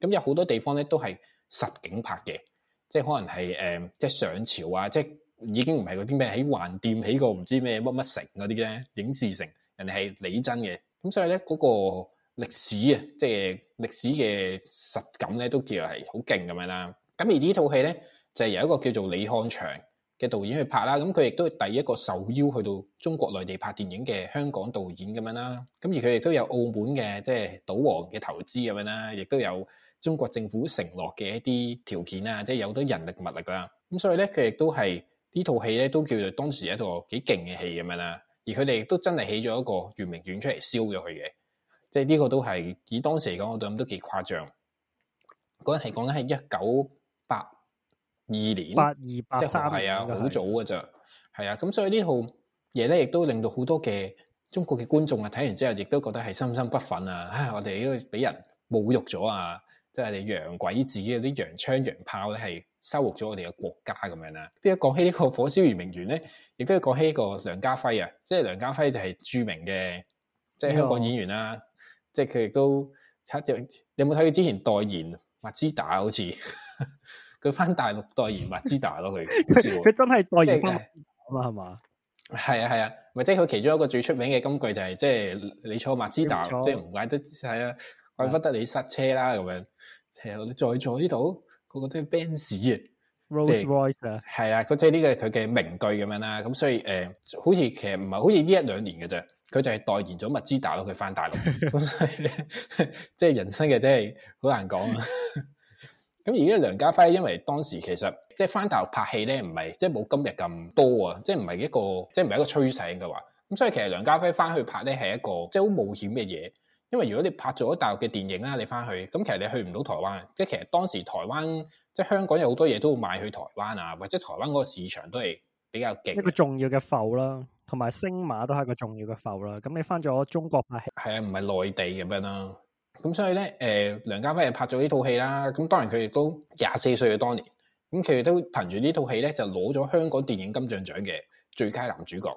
咁有好多地方咧都係實景拍嘅，即係可能係誒、呃、即係上朝啊，即係已經唔係嗰啲咩喺橫店起個唔知咩乜乜城嗰啲咧影視城。人哋係李真嘅，咁所以咧嗰、那個歷史啊，即係歷史嘅實感咧，都叫做係好勁咁樣啦。咁而這戲呢套戲咧，就是、由一個叫做李翰祥嘅導演去拍啦。咁佢亦都係第一個受邀去到中國內地拍電影嘅香港導演咁樣啦。咁而佢亦都有澳門嘅即係賭王嘅投資咁樣啦，亦都有中國政府承諾嘅一啲條件啊，即係有好多人力物力噶。咁所以咧，佢亦都係呢套戲咧，都叫做當時一套幾勁嘅戲咁樣啦。而佢哋亦都真係起咗一個圓明園出嚟燒咗佢嘅，即係呢個都係以當時嚟講，我覺得都幾誇張。嗰陣係講緊係一九八二年，八二八三，係、就、啊、是，好早㗎咋。係啊，咁所以這呢套嘢咧，亦都令到好多嘅中國嘅觀眾啊，睇完之後亦都覺得係深深不憤啊！啊，我哋呢個俾人侮辱咗啊！即、就、係、是、你洋鬼子嘅啲洋槍洋炮咧，係收穫咗我哋嘅國家咁樣啦。邊個講起呢個火燒圓明園咧，亦都係講起呢個梁家輝啊。即係梁家輝就係著名嘅，即、就、係、是、香港演員啦、啊哎。即係佢亦都，你有冇睇佢之前代言麥之達？好似佢翻大陸代言麥之達咯，佢 佢真係代言啊嘛？係嘛？係啊係啊，咪即係佢其中一個最出名嘅金句就係、是，即係你錯麥之達，即係唔怪得係啦。怪唔得你塞車啦，咁樣，其實我再坐呢度，個都 Rose、就是、個個都係 Benz 啊，Rolls Royce 啊，係啦，即係呢個佢嘅名句咁樣啦。咁所以誒、呃，好似其實唔係好似呢一兩年嘅啫，佢就係代言咗萬事得囉。佢翻大陸，咁所以咧，即係人生嘅，真係好難講。咁而家梁家輝因為當時其實即係翻大陸拍戲咧，唔係即係冇今日咁多啊，即係唔係一個即係唔係一個趨勢嘅話，咁所以其實梁家輝翻去拍咧係一個即係好冒險嘅嘢。因為如果你拍咗大陸嘅電影啦，你翻去咁其實你去唔到台灣，即係其實當時台灣即係香港有好多嘢都會賣去台灣啊，或者台灣嗰個市場都係比較勁。一個重要嘅埠啦，同埋星馬都係一個重要嘅埠啦。咁你翻咗中國拍戲，係啊，唔係內地咁樣啦。咁所以咧，誒、呃，梁家輝又拍咗呢套戲啦。咁當然佢亦都廿四歲嘅當年，咁佢亦都憑住呢套戲咧就攞咗香港電影金像獎嘅最佳男主角，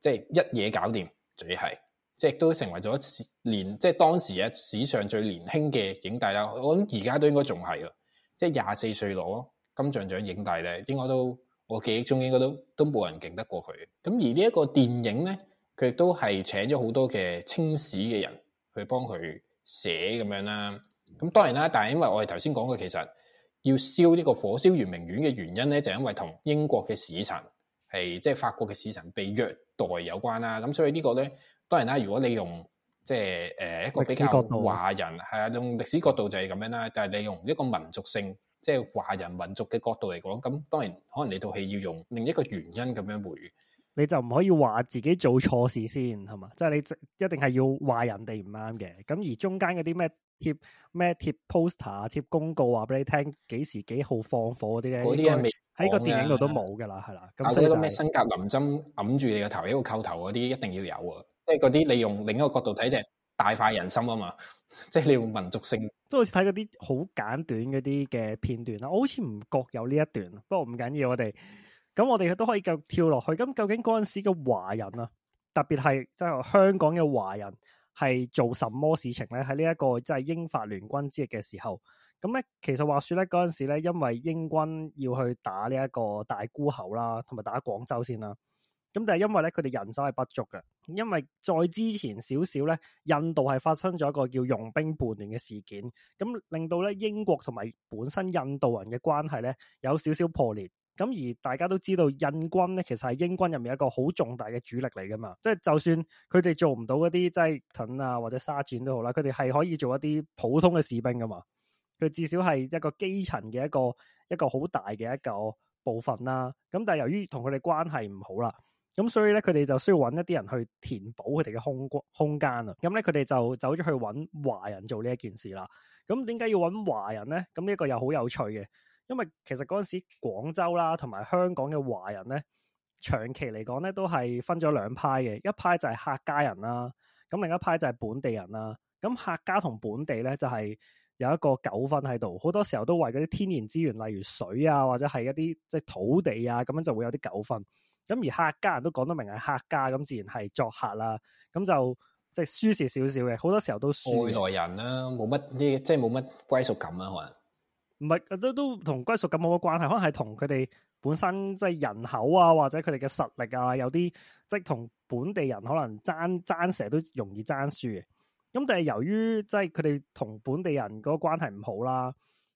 即係一嘢搞掂、就是，最係。即係都成為咗年，即係當時嘅史上最年輕嘅影帝啦。我諗而家都應該仲係啊，即係廿四歲攞金像獎影帝咧，應該都我記憶中應該都都冇人勁得過佢。咁而呢一個電影咧，佢亦都係請咗好多嘅清史嘅人去幫佢寫咁樣啦。咁當然啦，但係因為我哋頭先講嘅，其實要燒呢個火燒圓明園嘅原因咧，就係因為同英國嘅使臣係即係法國嘅使臣被虐待有關啦。咁所以呢個咧。當然啦，如果你用即係誒、呃、一個比較華人係啊，用歷史角度就係咁樣啦。但係你用一個民族性，即係華人民族嘅角度嚟講，咁當然可能你套戲要用另一個原因咁樣回。你就唔可以話自己做錯事先係嘛？即係、就是、你一定係要話人哋唔啱嘅。咁而中間嗰啲咩貼咩貼 poster 貼公告話俾你聽幾時幾號放火啲咧？嗰啲係未喺個電影度都冇噶啦，係、啊、啦。咁所以呢個咩新格林針揞住你個頭，一、這個叩頭嗰啲一定要有啊。即係嗰啲，你用另一個角度睇，就係大快人心啊嘛！即係你用民族性，即係好似睇嗰啲好簡短嗰啲嘅片段啦。我好似唔覺有呢一段，不過唔緊要，我哋咁我哋都可以跳跳落去。咁究竟嗰陣時嘅華人啊，特別係即係香港嘅華人係做什麼事情咧？喺呢一個即係英法聯軍之役嘅時候，咁咧其實話說咧嗰陣時咧，因為英軍要去打呢一個大沽口啦，同埋打廣州先啦。咁但係因為咧，佢哋人手係不足嘅，因為再之前少少咧，印度係發生咗一個叫傭兵叛亂嘅事件，咁、嗯、令到咧英國同埋本身印度人嘅關係咧有少少破裂。咁、嗯、而大家都知道，印軍咧其實係英軍入面一個好重大嘅主力嚟噶嘛，即、就、係、是、就算佢哋做唔到嗰啲即係盾啊或者沙展都好啦，佢哋係可以做一啲普通嘅士兵噶嘛，佢至少係一個基層嘅一個一個好大嘅一個部分啦。咁、嗯、但係由於同佢哋關係唔好啦。咁所以咧，佢哋就需要揾一啲人去填補佢哋嘅空空間啊。咁咧，佢哋就走咗去揾華人做呢一件事啦。咁點解要揾華人咧？咁呢個又好有趣嘅，因為其實嗰陣時廣州啦，同埋香港嘅華人咧，長期嚟講咧都係分咗兩派嘅。一派就係客家人啦，咁另一派就係本地人啦。咁客家同本地咧就係、是、有一個糾紛喺度，好多時候都為嗰啲天然資源，例如水啊，或者係一啲即係土地啊，咁樣就會有啲糾紛。咁而客家人都講得明係客家，咁自然係作客啦。咁就即係輸蝕少少嘅，好、就是、多時候都外來人啦、啊，冇乜啲即係冇乜歸屬感呀、啊。可能。唔係都都同歸屬感冇乜關係，可能係同佢哋本身即係、就是、人口啊，或者佢哋嘅實力啊，有啲即係同本地人可能爭爭成日都容易爭輸嘅。咁但係由於即係佢哋同本地人嗰個關係唔好啦。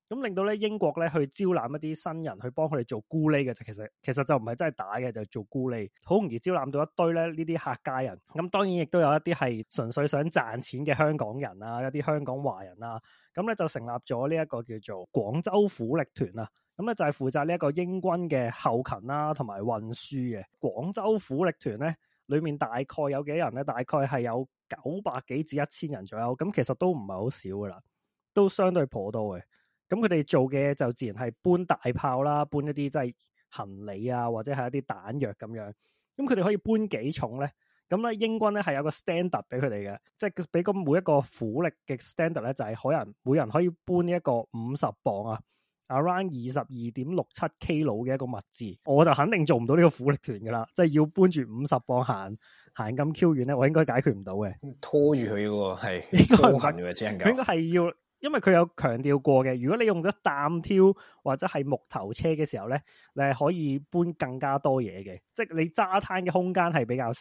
咁令到咧，英國咧，去招攬一啲新人去幫佢哋做咕喱嘅，就其實其實就唔係真係打嘅，就是、做咕喱，好容易招攬到一堆咧呢啲客家人。咁當然亦都有一啲係純粹想賺錢嘅香港人啊、一啲香港華人啦、啊。咁咧，就成立咗呢一個叫做廣州苦力團啊。咁咧，就係負責呢一個英軍嘅後勤啦、啊，同埋運輸嘅廣州苦力團咧，裏面大概有幾人咧？大概係有九百幾至一千人左右。咁其實都唔係好少噶啦，都相對頗多嘅。咁佢哋做嘅就自然係搬大炮啦，搬一啲即係行李啊，或者係一啲彈藥咁樣。咁佢哋可以搬幾重咧？咁咧英軍咧係有個 standard 俾佢哋嘅，即係俾個每一個苦力嘅 standard 咧，就係、是，可能每人可以搬呢一個五十磅啊，around 二十二點六七 k 佬嘅一個物資，我就肯定做唔到呢個苦力團噶啦，即、就、係、是、要搬住五十磅行行咁 q 遠咧，我應該解決唔到嘅。拖住佢喎，係應該唔行嘅，只能夠應該係要。因為佢有強調過嘅，如果你用咗擔挑或者係木頭車嘅時候咧，你係可以搬更加多嘢嘅，即係你揸攤嘅空間係比較少。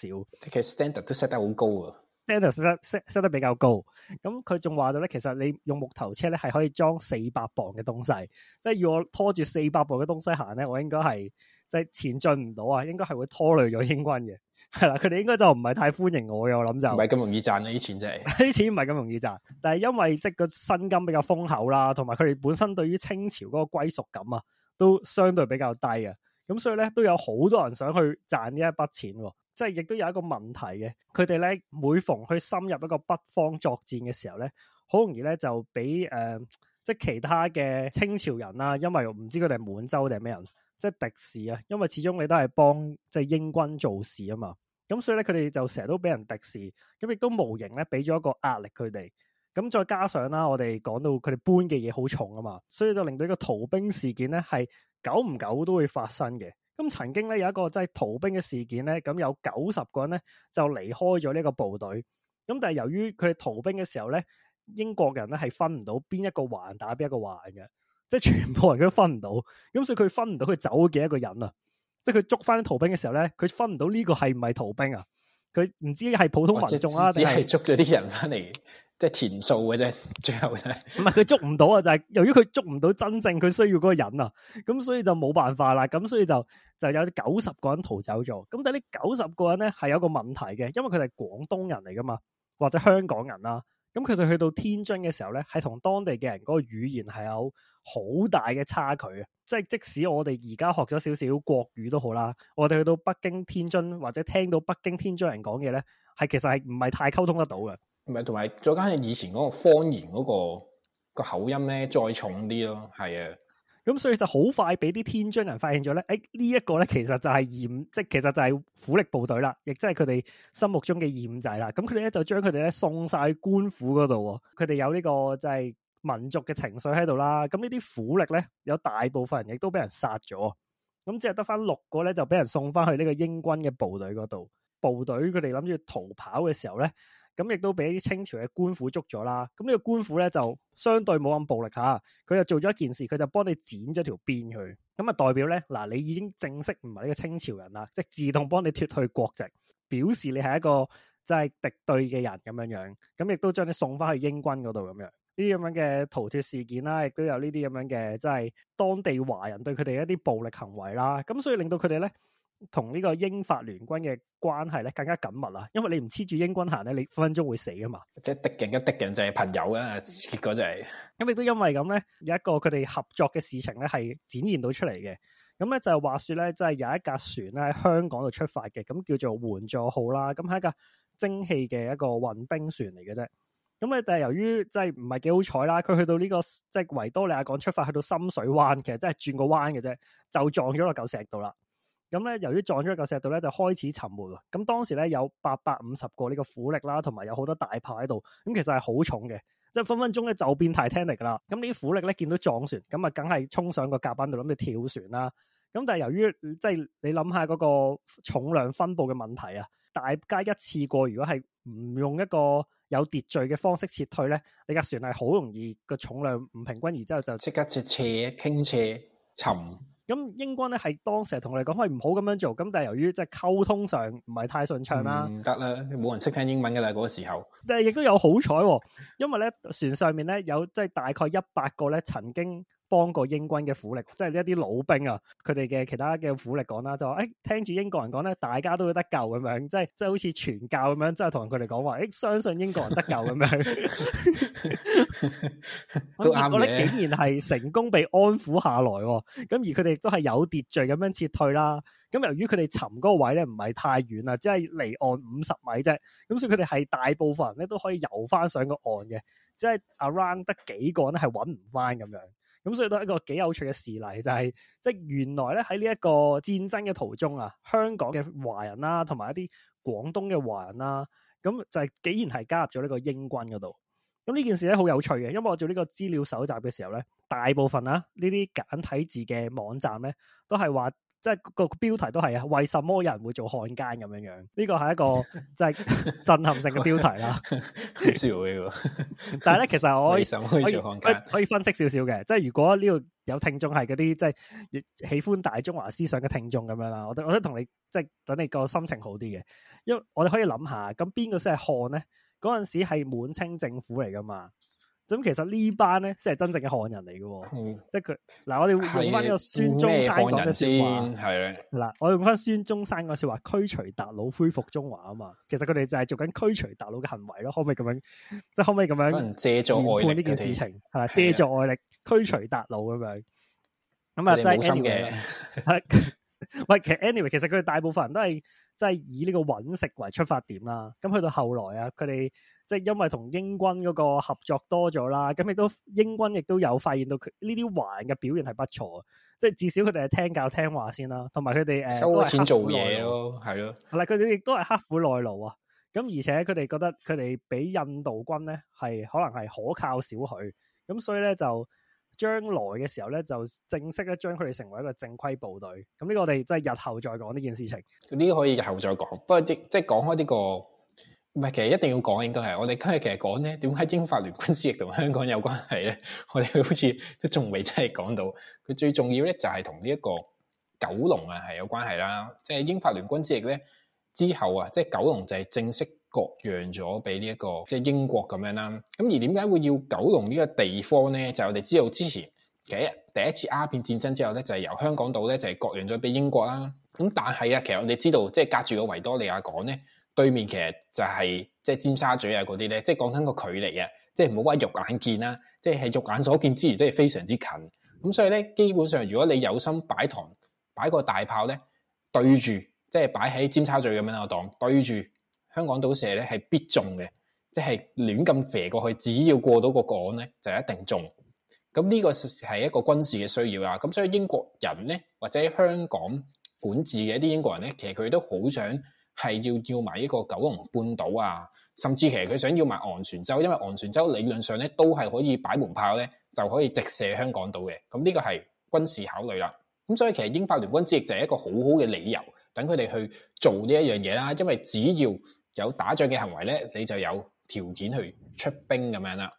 其實 standard 都 set 得好高啊，standard set set set 得比較高。咁佢仲話到咧，其實你用木頭車咧係可以裝四百磅嘅東西，即係要我拖住四百磅嘅東西行咧，我應該係即係前進唔到啊，應該係會拖累咗英軍嘅。係啦，佢哋應該就唔係太歡迎我嘅，我諗就唔係咁容易賺呢啲錢係。呢啲錢唔係咁容易賺，但係因為即係個薪金比較豐厚啦，同埋佢哋本身對於清朝嗰個歸屬感啊，都相對比較低啊。咁所以咧，都有好多人想去賺呢一筆錢，即係亦都有一個問題嘅。佢哋咧每逢去深入一個北方作戰嘅時候咧，好容易咧就俾誒、呃、即係其他嘅清朝人啦，因為唔知佢哋係滿洲定係咩人。即係敵視啊，因為始終你都係幫即係、就是、英軍做事啊嘛，咁所以咧，佢哋就成日都俾人敵視，咁亦都無形咧俾咗一個壓力佢哋，咁再加上啦，我哋講到佢哋搬嘅嘢好重啊嘛，所以就令到呢個逃兵事件咧係久唔久都會發生嘅。咁曾經咧有一個即係逃兵嘅事件咧，咁有九十個人咧就離開咗呢個部隊，咁但係由於佢哋逃兵嘅時候咧，英國人咧係分唔到邊一個環打邊一個環嘅。即係全部人佢都分唔到，咁所以佢分唔到佢走咗幾多個人啊！即係佢捉翻啲逃兵嘅時候咧，佢分唔到呢個係唔係逃兵啊？佢唔知係普通民眾啊，定係捉咗啲人翻嚟，即係填數嘅啫。最後就係唔係佢捉唔到啊！就係、是、由於佢捉唔到真正佢需要嗰個人啊，咁所以就冇辦法啦。咁所以就就有九十個人逃走咗。咁但係呢九十個人咧係有一個問題嘅，因為佢哋係廣東人嚟噶嘛，或者香港人啦、啊。咁佢哋去到天津嘅時候咧，係同當地嘅人嗰個語言係有好大嘅差距啊！即係即使我哋而家學咗少少國語都好啦，我哋去到北京、天津或者聽到北京、天津人講嘢咧，係其實係唔係太溝通得到嘅。唔係，同埋再加上以前嗰個方言嗰、嗰個、嗰個口音咧，再重啲咯，係啊。咁所以就好快俾啲天津人發現咗咧，誒呢一個咧其實就係鹽，即其實就係苦力部隊啦，亦即係佢哋心目中嘅厭仔啦。咁佢哋咧就將佢哋咧送晒官府嗰度，佢哋有呢個就係民族嘅情緒喺度啦。咁呢啲苦力咧，有大部分人亦都俾人殺咗，咁淨係得翻六個咧就俾人送翻去呢個英軍嘅部隊嗰度。部隊佢哋諗住逃跑嘅時候咧，咁亦都俾啲清朝嘅官府捉咗啦。咁呢個官府咧就相對冇咁暴力下，佢就做咗一件事，佢就幫你剪咗條辮去。咁啊代表咧，嗱你已經正式唔係呢個清朝人啦，即係自動幫你脫去國籍，表示你係一個即係敵對嘅人咁樣樣。咁亦都將你送翻去英軍嗰度咁樣。呢啲咁樣嘅逃脫事件啦，亦都有呢啲咁樣嘅即係當地華人對佢哋一啲暴力行為啦。咁所以令到佢哋咧。同呢個英法聯軍嘅關係咧更加緊密啦，因為你唔黐住英軍行咧，你分分鐘會死噶嘛。即係敵人一敵人就係朋友啊，結果就係、是、咁。亦、嗯、都因為咁咧，有一個佢哋合作嘅事情咧係展現到出嚟嘅。咁咧就係話說咧，即、就、係、是、有一架船咧喺香港度出發嘅，咁叫做援助號啦。咁係一架蒸汽嘅一個運兵船嚟嘅啫。咁咧但係由於即係唔係幾好彩啦，佢去到呢、這個即係、就是、維多利亞港出發去到深水灣，其實即係轉個彎嘅啫，就撞咗落嚿石度啦。咁咧，由於撞咗一個石度咧，就開始沉沒。咁當時咧有八百五十個呢個苦力啦，同埋有好多大炮喺度。咁其實係好重嘅，即係分分鐘咧就變 Titanic 啦。咁呢啲苦力咧見到撞船，咁啊梗係衝上個甲板度諗住跳船啦。咁但係由於即係你諗下嗰個重量分布嘅問題啊，大家一次過如果係唔用一個有秩序嘅方式撤退咧，你架船係好容易個重量唔平均，而之後就即刻斜斜傾斜沉。咁英軍咧係當時同我哋講可以唔好咁樣做，咁但係由於即係溝通上唔係太順暢啦，唔、嗯、得啦，冇人識聽英文㗎啦嗰個時候。但係亦都有好彩，因為咧船上面咧有即係大概一百個咧曾經。幫過英軍嘅苦力，即係一啲老兵啊，佢哋嘅其他嘅苦力講啦，就話，誒，聽住英國人講咧，大家都會得救咁樣，即係即係好似傳教咁樣，即係同佢哋講話，誒，相信英國人得救咁樣。結果咧竟然係成功被安撫下來，咁而佢哋都係有秩序咁樣撤退啦。咁由於佢哋沉嗰個位咧唔係太遠啊，即係離岸五十米啫，咁所以佢哋係大部分人咧都可以游翻上個岸嘅，即係 around 得幾個人咧係揾唔翻咁樣。咁所以都係一個幾有趣嘅事例，就係即係原來咧喺呢一個戰爭嘅途中啊，香港嘅華人啦、啊，同埋一啲廣東嘅華人啦、啊，咁就係竟然係加入咗呢個英軍嗰度。咁呢件事咧好有趣嘅，因為我做呢個資料搜集嘅時候咧，大部分啊呢啲簡體字嘅網站咧都係話。即係個標題都係啊，為什麼有人會做漢奸咁樣樣？呢個係一個即係震撼性嘅標題啦。 但係咧，其實我可以，奸可，以可以分析少少嘅，即係如果呢度有聽眾係嗰啲即係喜歡大中華思想嘅聽眾咁樣啦，我我我同你即係等你個心情好啲嘅，因為我哋可以諗下，咁邊個先係漢咧？嗰陣時係滿清政府嚟噶嘛？咁其實呢班咧先係真正嘅漢人嚟嘅，即係佢，嗱，我哋用翻呢個孫中山嗰啲說話，係啦，嗱，我用翻孫中山嗰說話，驅除韃虜，恢復中華啊嘛。其實佢哋就係做緊驅除韃虜嘅行為咯，可唔可以咁樣？即係可唔可以咁樣借助外力呢件事情？係啊，借助外力驅除韃虜咁樣。咁啊，真係 anyway 係喂， 其實 anyway，其實佢哋大部分人都係即係以呢個揾食為出發點啦。咁去到後來啊，佢哋。即係因為同英軍嗰個合作多咗啦，咁亦都英軍亦都有發現到佢呢啲華人嘅表現係不錯，即係至少佢哋係聽教聽話先啦，同埋佢哋誒收錢做嘢咯，係咯，係啦，佢哋亦都係刻苦耐勞啊，咁而且佢哋覺得佢哋比印度軍咧係可能係可靠少許，咁所以咧就將來嘅時候咧就正式咧將佢哋成為一個正規部隊，咁呢個我哋即係日後再講呢件事情，呢啲可以日後再講，不過即係講開呢個。唔係，其實一定要講，應該係我哋今日其實講咧，點解英法聯軍之役同香港有關係咧？我哋好似都仲未真係講到。佢最重要咧，就係同呢一個九龍啊係有關係啦。即係英法聯軍之役咧之後啊，即係九龍就係正式割讓咗俾呢一個即係英國咁樣啦。咁而點解會要九龍呢個地方咧？就我哋知道之前，其實第一次鴉片戰爭之後咧，就係由香港島咧就係割讓咗俾英國啦。咁但係啊，其實我哋知道即係隔住個維多利亞港咧。對面其實就係即係尖沙咀啊嗰啲咧，即係講緊個距離啊，即唔好話肉眼見啦，即係肉眼所見之餘都係非常之近。咁所以咧，基本上如果你有心擺堂，擺個大炮咧，對住即係、就是、擺喺尖沙咀咁樣嘅檔，對住香港島射咧係必中嘅，即係亂咁射過去，只要過到個港咧就一定中。咁呢個係一個軍事嘅需要啊。咁所以英國人咧或者香港管治嘅一啲英國人咧，其實佢都好想。係要要埋呢個九龍半島啊，甚至其實佢想要埋昂船洲，因為昂船洲理論上咧都係可以擺門炮咧，就可以直射香港島嘅。咁呢個係軍事考慮啦。咁所以其實英法聯軍之役就係一個好好嘅理由，等佢哋去做呢一樣嘢啦。因為只要有打仗嘅行為咧，你就有條件去出兵咁樣啦。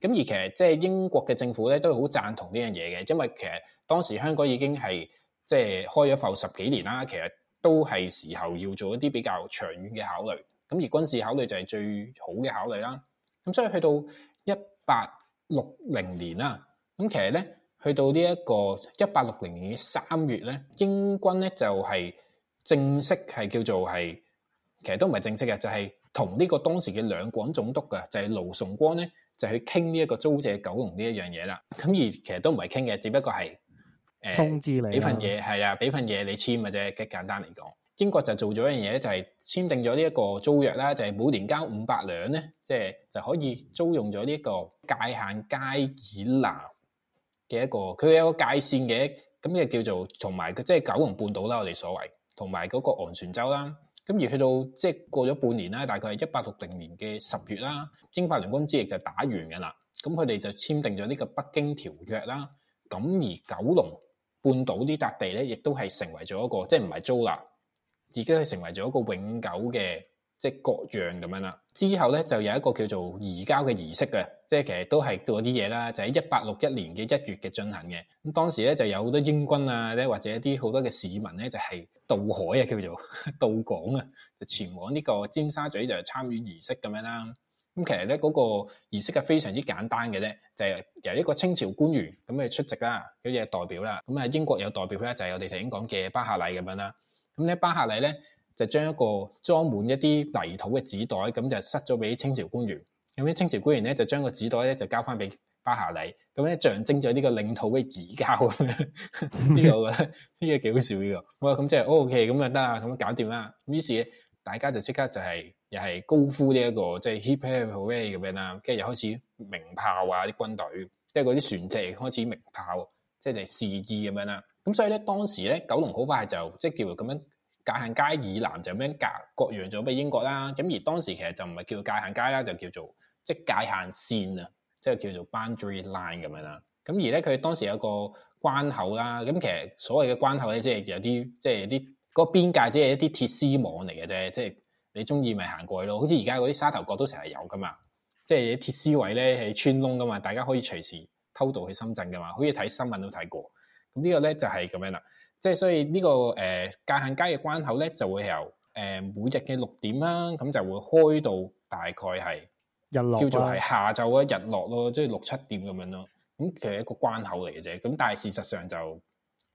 咁而其實即係英國嘅政府咧，都係好贊同呢樣嘢嘅，因為其實當時香港已經係即係開咗埠十幾年啦，其實。都係時候要做一啲比較長遠嘅考慮，咁而軍事考慮就係最好嘅考慮啦。咁所以去到一八六零年啦，咁其實咧去到呢一個一八六零年嘅三月咧，英軍咧就係正式係叫做係，其實都唔係正式嘅，就係同呢個當時嘅兩廣總督嘅，就係盧崇光咧，就去傾呢一個租借九龍呢一樣嘢啦。咁而其實都唔係傾嘅，只不過係。誒、嗯，通知你俾、啊、份嘢係啦，俾份嘢你簽嘅啫，即簡單嚟講。英國就做咗一樣嘢，就係簽訂咗呢一個租約啦，就係、是、每年交五百兩咧，即、就、係、是、就可以租用咗呢一,一個界限街以南嘅一個佢有個界線嘅咁呢叫做同埋即係九龍半島啦。我哋所謂同埋嗰個昂船洲啦。咁而去到即係、就是、過咗半年啦，大概係一八六零年嘅十月啦，英法聯軍之役就打完噶啦。咁佢哋就簽訂咗呢個北京條約啦。咁而九龍半島地呢笪地咧，亦都係成為咗一個，即係唔係租啦，已經係成為咗一個永久嘅，即係割讓咁樣啦。之後咧，就有一個叫做移交嘅儀式嘅，即係其實都係做一啲嘢啦，就喺一八六一年嘅一月嘅進行嘅。咁當時咧就有好多英軍啊，或者一啲好多嘅市民咧，就係、是、渡海啊，叫做渡港啊，就前往呢個尖沙咀就係參與儀式咁樣啦。咁其實咧嗰個儀式係非常之簡單嘅啫，就是、由一個清朝官員咁去出席啦，有、就、嘢、是、代表啦，咁啊英國有代表咧就係我哋就已經講嘅巴夏禮咁樣啦。咁咧巴夏禮咧就將一個裝滿一啲泥土嘅紙袋咁就塞咗俾清朝官員，咁啲清朝官員咧就將個紙袋咧就交翻俾巴夏禮，咁咧象徵咗呢個領土嘅移交。呢 個呢，覺、這、呢個幾好笑呢喎。我咁即係 O K，咁就得、是、啊，咁、OK, 搞掂啦。咁於是大家就即刻就係、是。又係高呼呢一個即係 hip hip hooray 咁樣啦，跟住又開始鳴炮啊啲軍隊，即係嗰啲船隻開始鳴炮，即係就係示意咁樣啦。咁所以咧，當時咧九龍好快就即係叫做咁樣界限街以南就咁樣隔割讓咗俾英國啦。咁而當時其實就唔係叫界限街啦，就叫做即係界限線啊，即係叫做 boundary line 咁樣啦。咁而咧佢當時有個關口啦，咁其實所謂嘅關口咧，即係有啲即係啲嗰個邊界，即係一啲鐵絲網嚟嘅啫，即係。你中意咪行過去咯。好似而家嗰啲沙頭角都成日有噶嘛，即係鐵絲位咧係穿窿噶嘛，大家可以隨時偷渡去深圳噶嘛。好似睇新聞都睇過，咁、嗯這個、呢個咧就係、是、咁樣啦。即係所以呢、這個誒界限街嘅關口咧，就會由誒、呃、每日嘅六點啦，咁就會開到大概係日落，叫做係下晝啊日落咯，即係六七點咁樣咯。咁、嗯、其實是一個關口嚟嘅啫。咁但係事實上就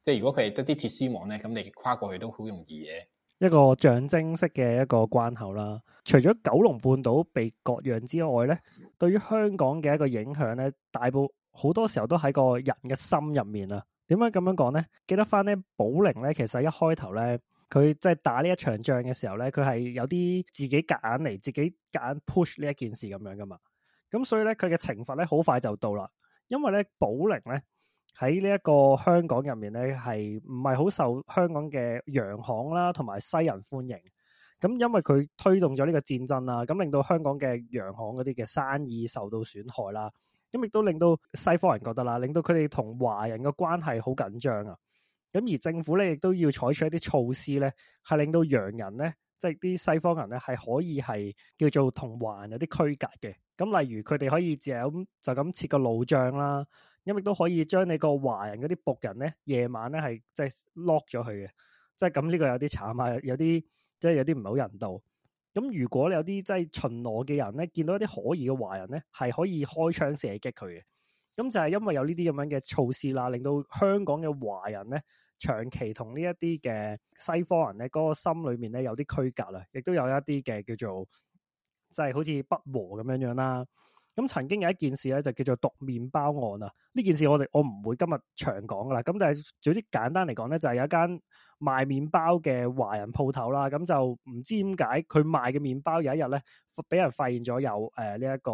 即係如果佢係得啲鐵絲網咧，咁你跨過去都好容易嘅。一個象徵式嘅一個關口啦。除咗九龍半島被割讓之外咧，對於香港嘅一個影響咧，大部好多時候都喺個人嘅心入面啊。點解咁樣講咧？記得翻咧寶靈咧，其實一開頭咧，佢即係打呢一場仗嘅時候咧，佢係有啲自己揀嚟，自己揀 push 呢一件事咁樣噶嘛。咁所以咧，佢嘅懲罰咧，好快就到啦。因為咧寶靈咧。喺呢一個香港入面咧，係唔係好受香港嘅洋行啦，同埋西人歡迎？咁因為佢推動咗呢個戰爭啦，咁令到香港嘅洋行嗰啲嘅生意受到損害啦，咁亦都令到西方人覺得啦，令到佢哋同華人嘅關係好緊張啊！咁而政府咧，亦都要採取一啲措施咧，係令到洋人咧，即係啲西方人咧，係可以係叫做同華人有啲區隔嘅。咁例如佢哋可以就咁就咁設個路障啦，亦都可以將你個華人嗰啲僕人咧，夜晚咧係即係 lock 咗佢嘅，即係咁呢個有啲慘啊，有啲即係有啲唔係好人道。咁如果有啲即係巡邏嘅人咧，見到一啲可疑嘅華人咧，係可以開槍射擊佢嘅。咁就係因為有呢啲咁樣嘅措施啦，令到香港嘅華人咧，長期同呢一啲嘅西方人咧，嗰個心裏面咧有啲區隔啦，亦都有一啲嘅叫做。就係、是、好似不和咁樣樣啦。咁曾經有一件事咧，就叫做毒麵包案啊。呢件事我哋我唔會今日長講噶啦。咁但係總之簡單嚟講咧，就係、是、有一間賣麵包嘅華人鋪頭啦。咁就唔知點解佢賣嘅麵包有一日咧，俾人發現咗有呢一、呃這個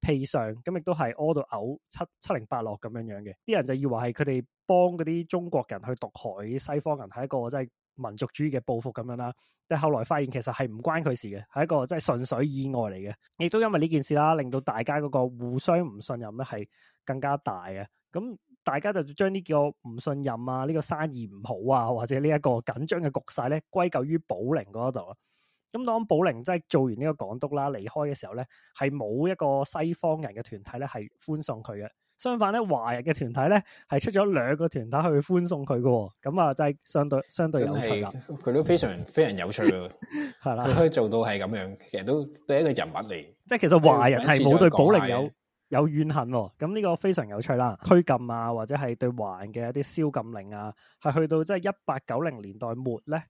砒霜。咁亦都係屙到嘔七七零八落咁樣樣嘅。啲人就以為係佢哋幫嗰啲中國人去毒害西方人，係一個真係。民族主義嘅報復咁樣啦，但係後來發現其實係唔關佢事嘅，係一個即係純粹意外嚟嘅。亦都因為呢件事啦，令到大家嗰個互相唔信任咧係更加大嘅。咁大家就將呢個唔信任啊，呢、這個生意唔好啊，或者這緊張呢一個緊張嘅局勢咧，歸咎於寶靈嗰度。咁當寶靈即係做完呢個港督啦，離開嘅時候咧，係冇一個西方人嘅團體咧係歡送佢嘅。相反咧，華人嘅團體咧係出咗兩個團體去歡送佢嘅，咁啊真係相對相對有趣啦。佢都非常 非常有趣嘅，係 啦，佢可以做到係咁樣，其實都都一個人物嚟。即係其實華人係冇對寶靈有有怨恨，咁呢個非常有趣啦。拘禁啊，或者係對華人嘅一啲宵禁令啊，係去到即係一八九零年代末咧。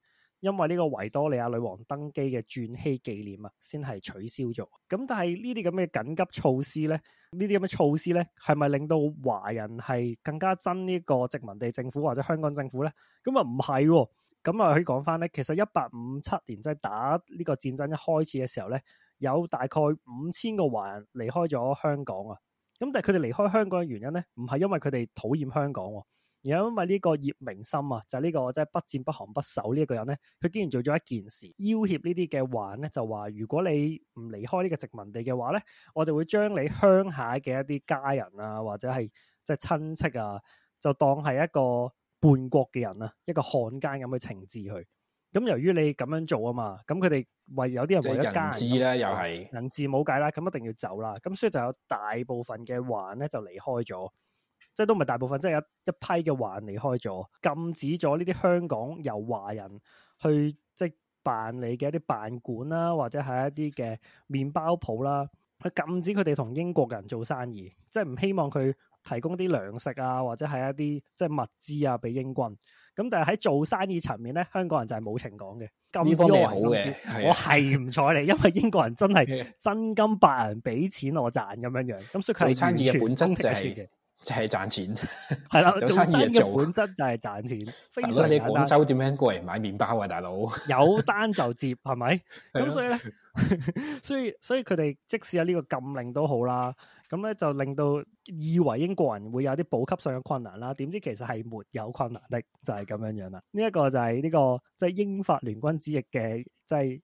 因為呢個維多利亞女王登基嘅鑽禧紀念啊，先係取消咗。咁但係呢啲咁嘅緊急措施咧，呢啲咁嘅措施咧，係咪令到華人係更加憎呢個殖民地政府或者香港政府咧？咁啊唔係喎。咁啊可以講翻咧，其實一八五七年即係、就是、打呢個戰爭一開始嘅時候咧，有大概五千個華人離開咗香港啊。咁但係佢哋離開香港嘅原因咧，唔係因為佢哋討厭香港。然後因為呢個葉名琛啊，就呢、是這個即係、就是、不戰不降不守呢一個人咧，佢竟然做咗一件事，要挾這些的環呢啲嘅患咧，就話如果你唔離開呢個殖民地嘅話咧，我就會將你鄉下嘅一啲家人啊，或者係即係親戚啊，就當係一個叛國嘅人啊，一個漢奸咁去懲治佢。咁由於你咁樣做啊嘛，咁佢哋為有啲人為咗家人，人治咧又係能治冇計啦，咁一定要走啦。咁所以就有大部分嘅患咧就離開咗。即係都唔係大部分，即係一一批嘅華人離開咗，禁止咗呢啲香港由華人去即係辦理嘅一啲辦館啦，或者係一啲嘅麵包鋪啦，去禁止佢哋同英國人做生意，即係唔希望佢提供啲糧食啊，或者係一啲即係物資啊，俾英軍。咁但係喺做生意層面咧，香港人就係冇情講嘅，咁止好嘅，我係唔睬你，因為英國人真係真金白銀俾錢我賺咁樣樣，咁所以佢係完全嘅。就係、是、賺錢，係 啦，做生意嘅本質就係賺錢。咁你廣州點樣過嚟買麵包啊，大佬？有單就接，係 咪？咁所以咧 所以所以佢哋即使有呢個禁令都好啦，咁咧就令到以為英國人會有啲補給上嘅困難啦，點知其實係沒有困難的，就係、是、咁樣樣啦。呢、這、一個就係呢、這個即係、就是、英法聯軍之役嘅即係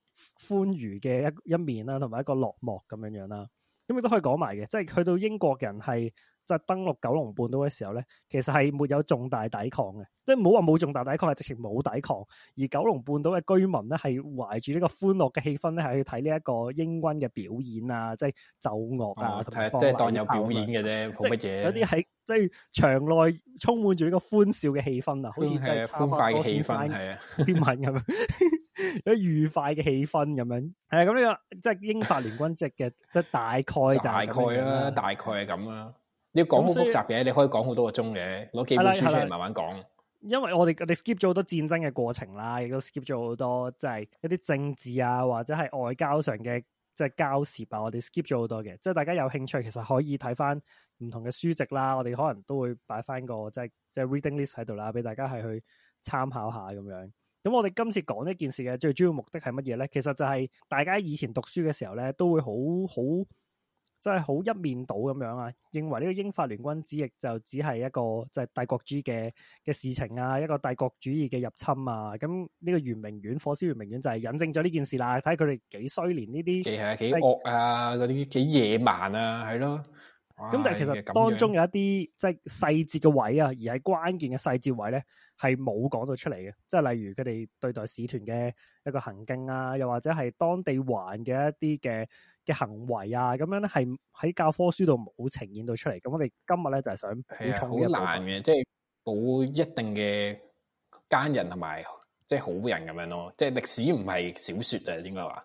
歡愉嘅一一面啦，同埋一個落寞咁樣樣啦。咁亦都可以講埋嘅，即、就、係、是、去到英國人係。即係登陸九龍半島嘅時候咧，其實係沒有重大抵抗嘅，即係唔好話冇重大抵抗，係直情冇抵抗。而九龍半島嘅居民咧，係懷住呢個歡樂嘅氣氛咧，係去睇呢一個英軍嘅表演啊，即係奏樂啊，同、哦、埋、啊、即係當有表演嘅啫，冇乜嘢。有啲喺即係場內充滿住呢個歡笑嘅氣氛啊，嗯、好似即係歡快嘅氣氛，係啊，氣氛咁樣，有 愉快嘅氣氛咁樣。係 啊，咁呢個即係英法聯軍 即係嘅，即係大概就大概啦，大概係咁啦。大概你要講好複雜嘅，你可以講好多個鐘嘅，攞幾本書出嚟慢慢講。因為我哋我哋 skip 咗好多戰爭嘅過程啦，亦都 skip 咗好多，即係一啲政治啊或者係外交上嘅即係交涉啊，我哋 skip 咗好多嘅。即係大家有興趣，其實可以睇翻唔同嘅書籍啦。我哋可能都會擺翻個即係即係 reading list 喺度啦，俾大家係去參考下咁樣。咁我哋今次講呢件事嘅最主要的目的係乜嘢咧？其實就係大家以前讀書嘅時候咧，都會好好。真係好一面倒咁樣啊，認為呢個英法聯軍之役就只係一個就帝國主義嘅嘅事情啊，一個帝國主義嘅入侵啊，咁呢個圓明園火燒圓明園就係引證咗呢件事啦，睇佢哋幾衰，連呢啲幾惡啊，幾、就、惡、是、啊，嗰啲幾野蠻啊，係咯。咁但係其實當中有一啲即係細節嘅位啊，而係關鍵嘅細節位咧，係冇講到出嚟嘅。即係例如佢哋對待使團嘅一個行徑啊，又或者係當地環嘅一啲嘅嘅行為啊，咁樣咧係喺教科書度冇呈現到出嚟。咁我哋今日咧就係想補充一部分嘅，即係補一定嘅奸人同埋即係好人咁樣咯。即係歷史唔係小説啊，應該話，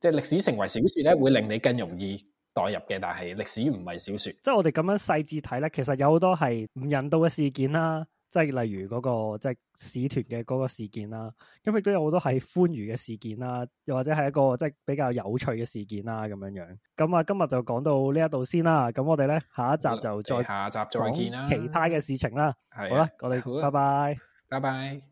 即係歷史成為小説咧，會令你更容易。代入嘅，但係歷史唔係小說，即係我哋咁樣細緻睇咧，其實有好多係唔人道嘅事件啦，即係例如嗰、那個即係使團嘅嗰個事件啦，咁亦都有好多係歡愉嘅事件啦，又或者係一個即係比較有趣嘅事件啦，咁樣樣，咁啊今日就講到這裏呢一度先啦，咁我哋咧下一集就再下集再見啦，其他嘅事情啦，係、啊、好啦，我哋拜拜，拜拜，拜拜。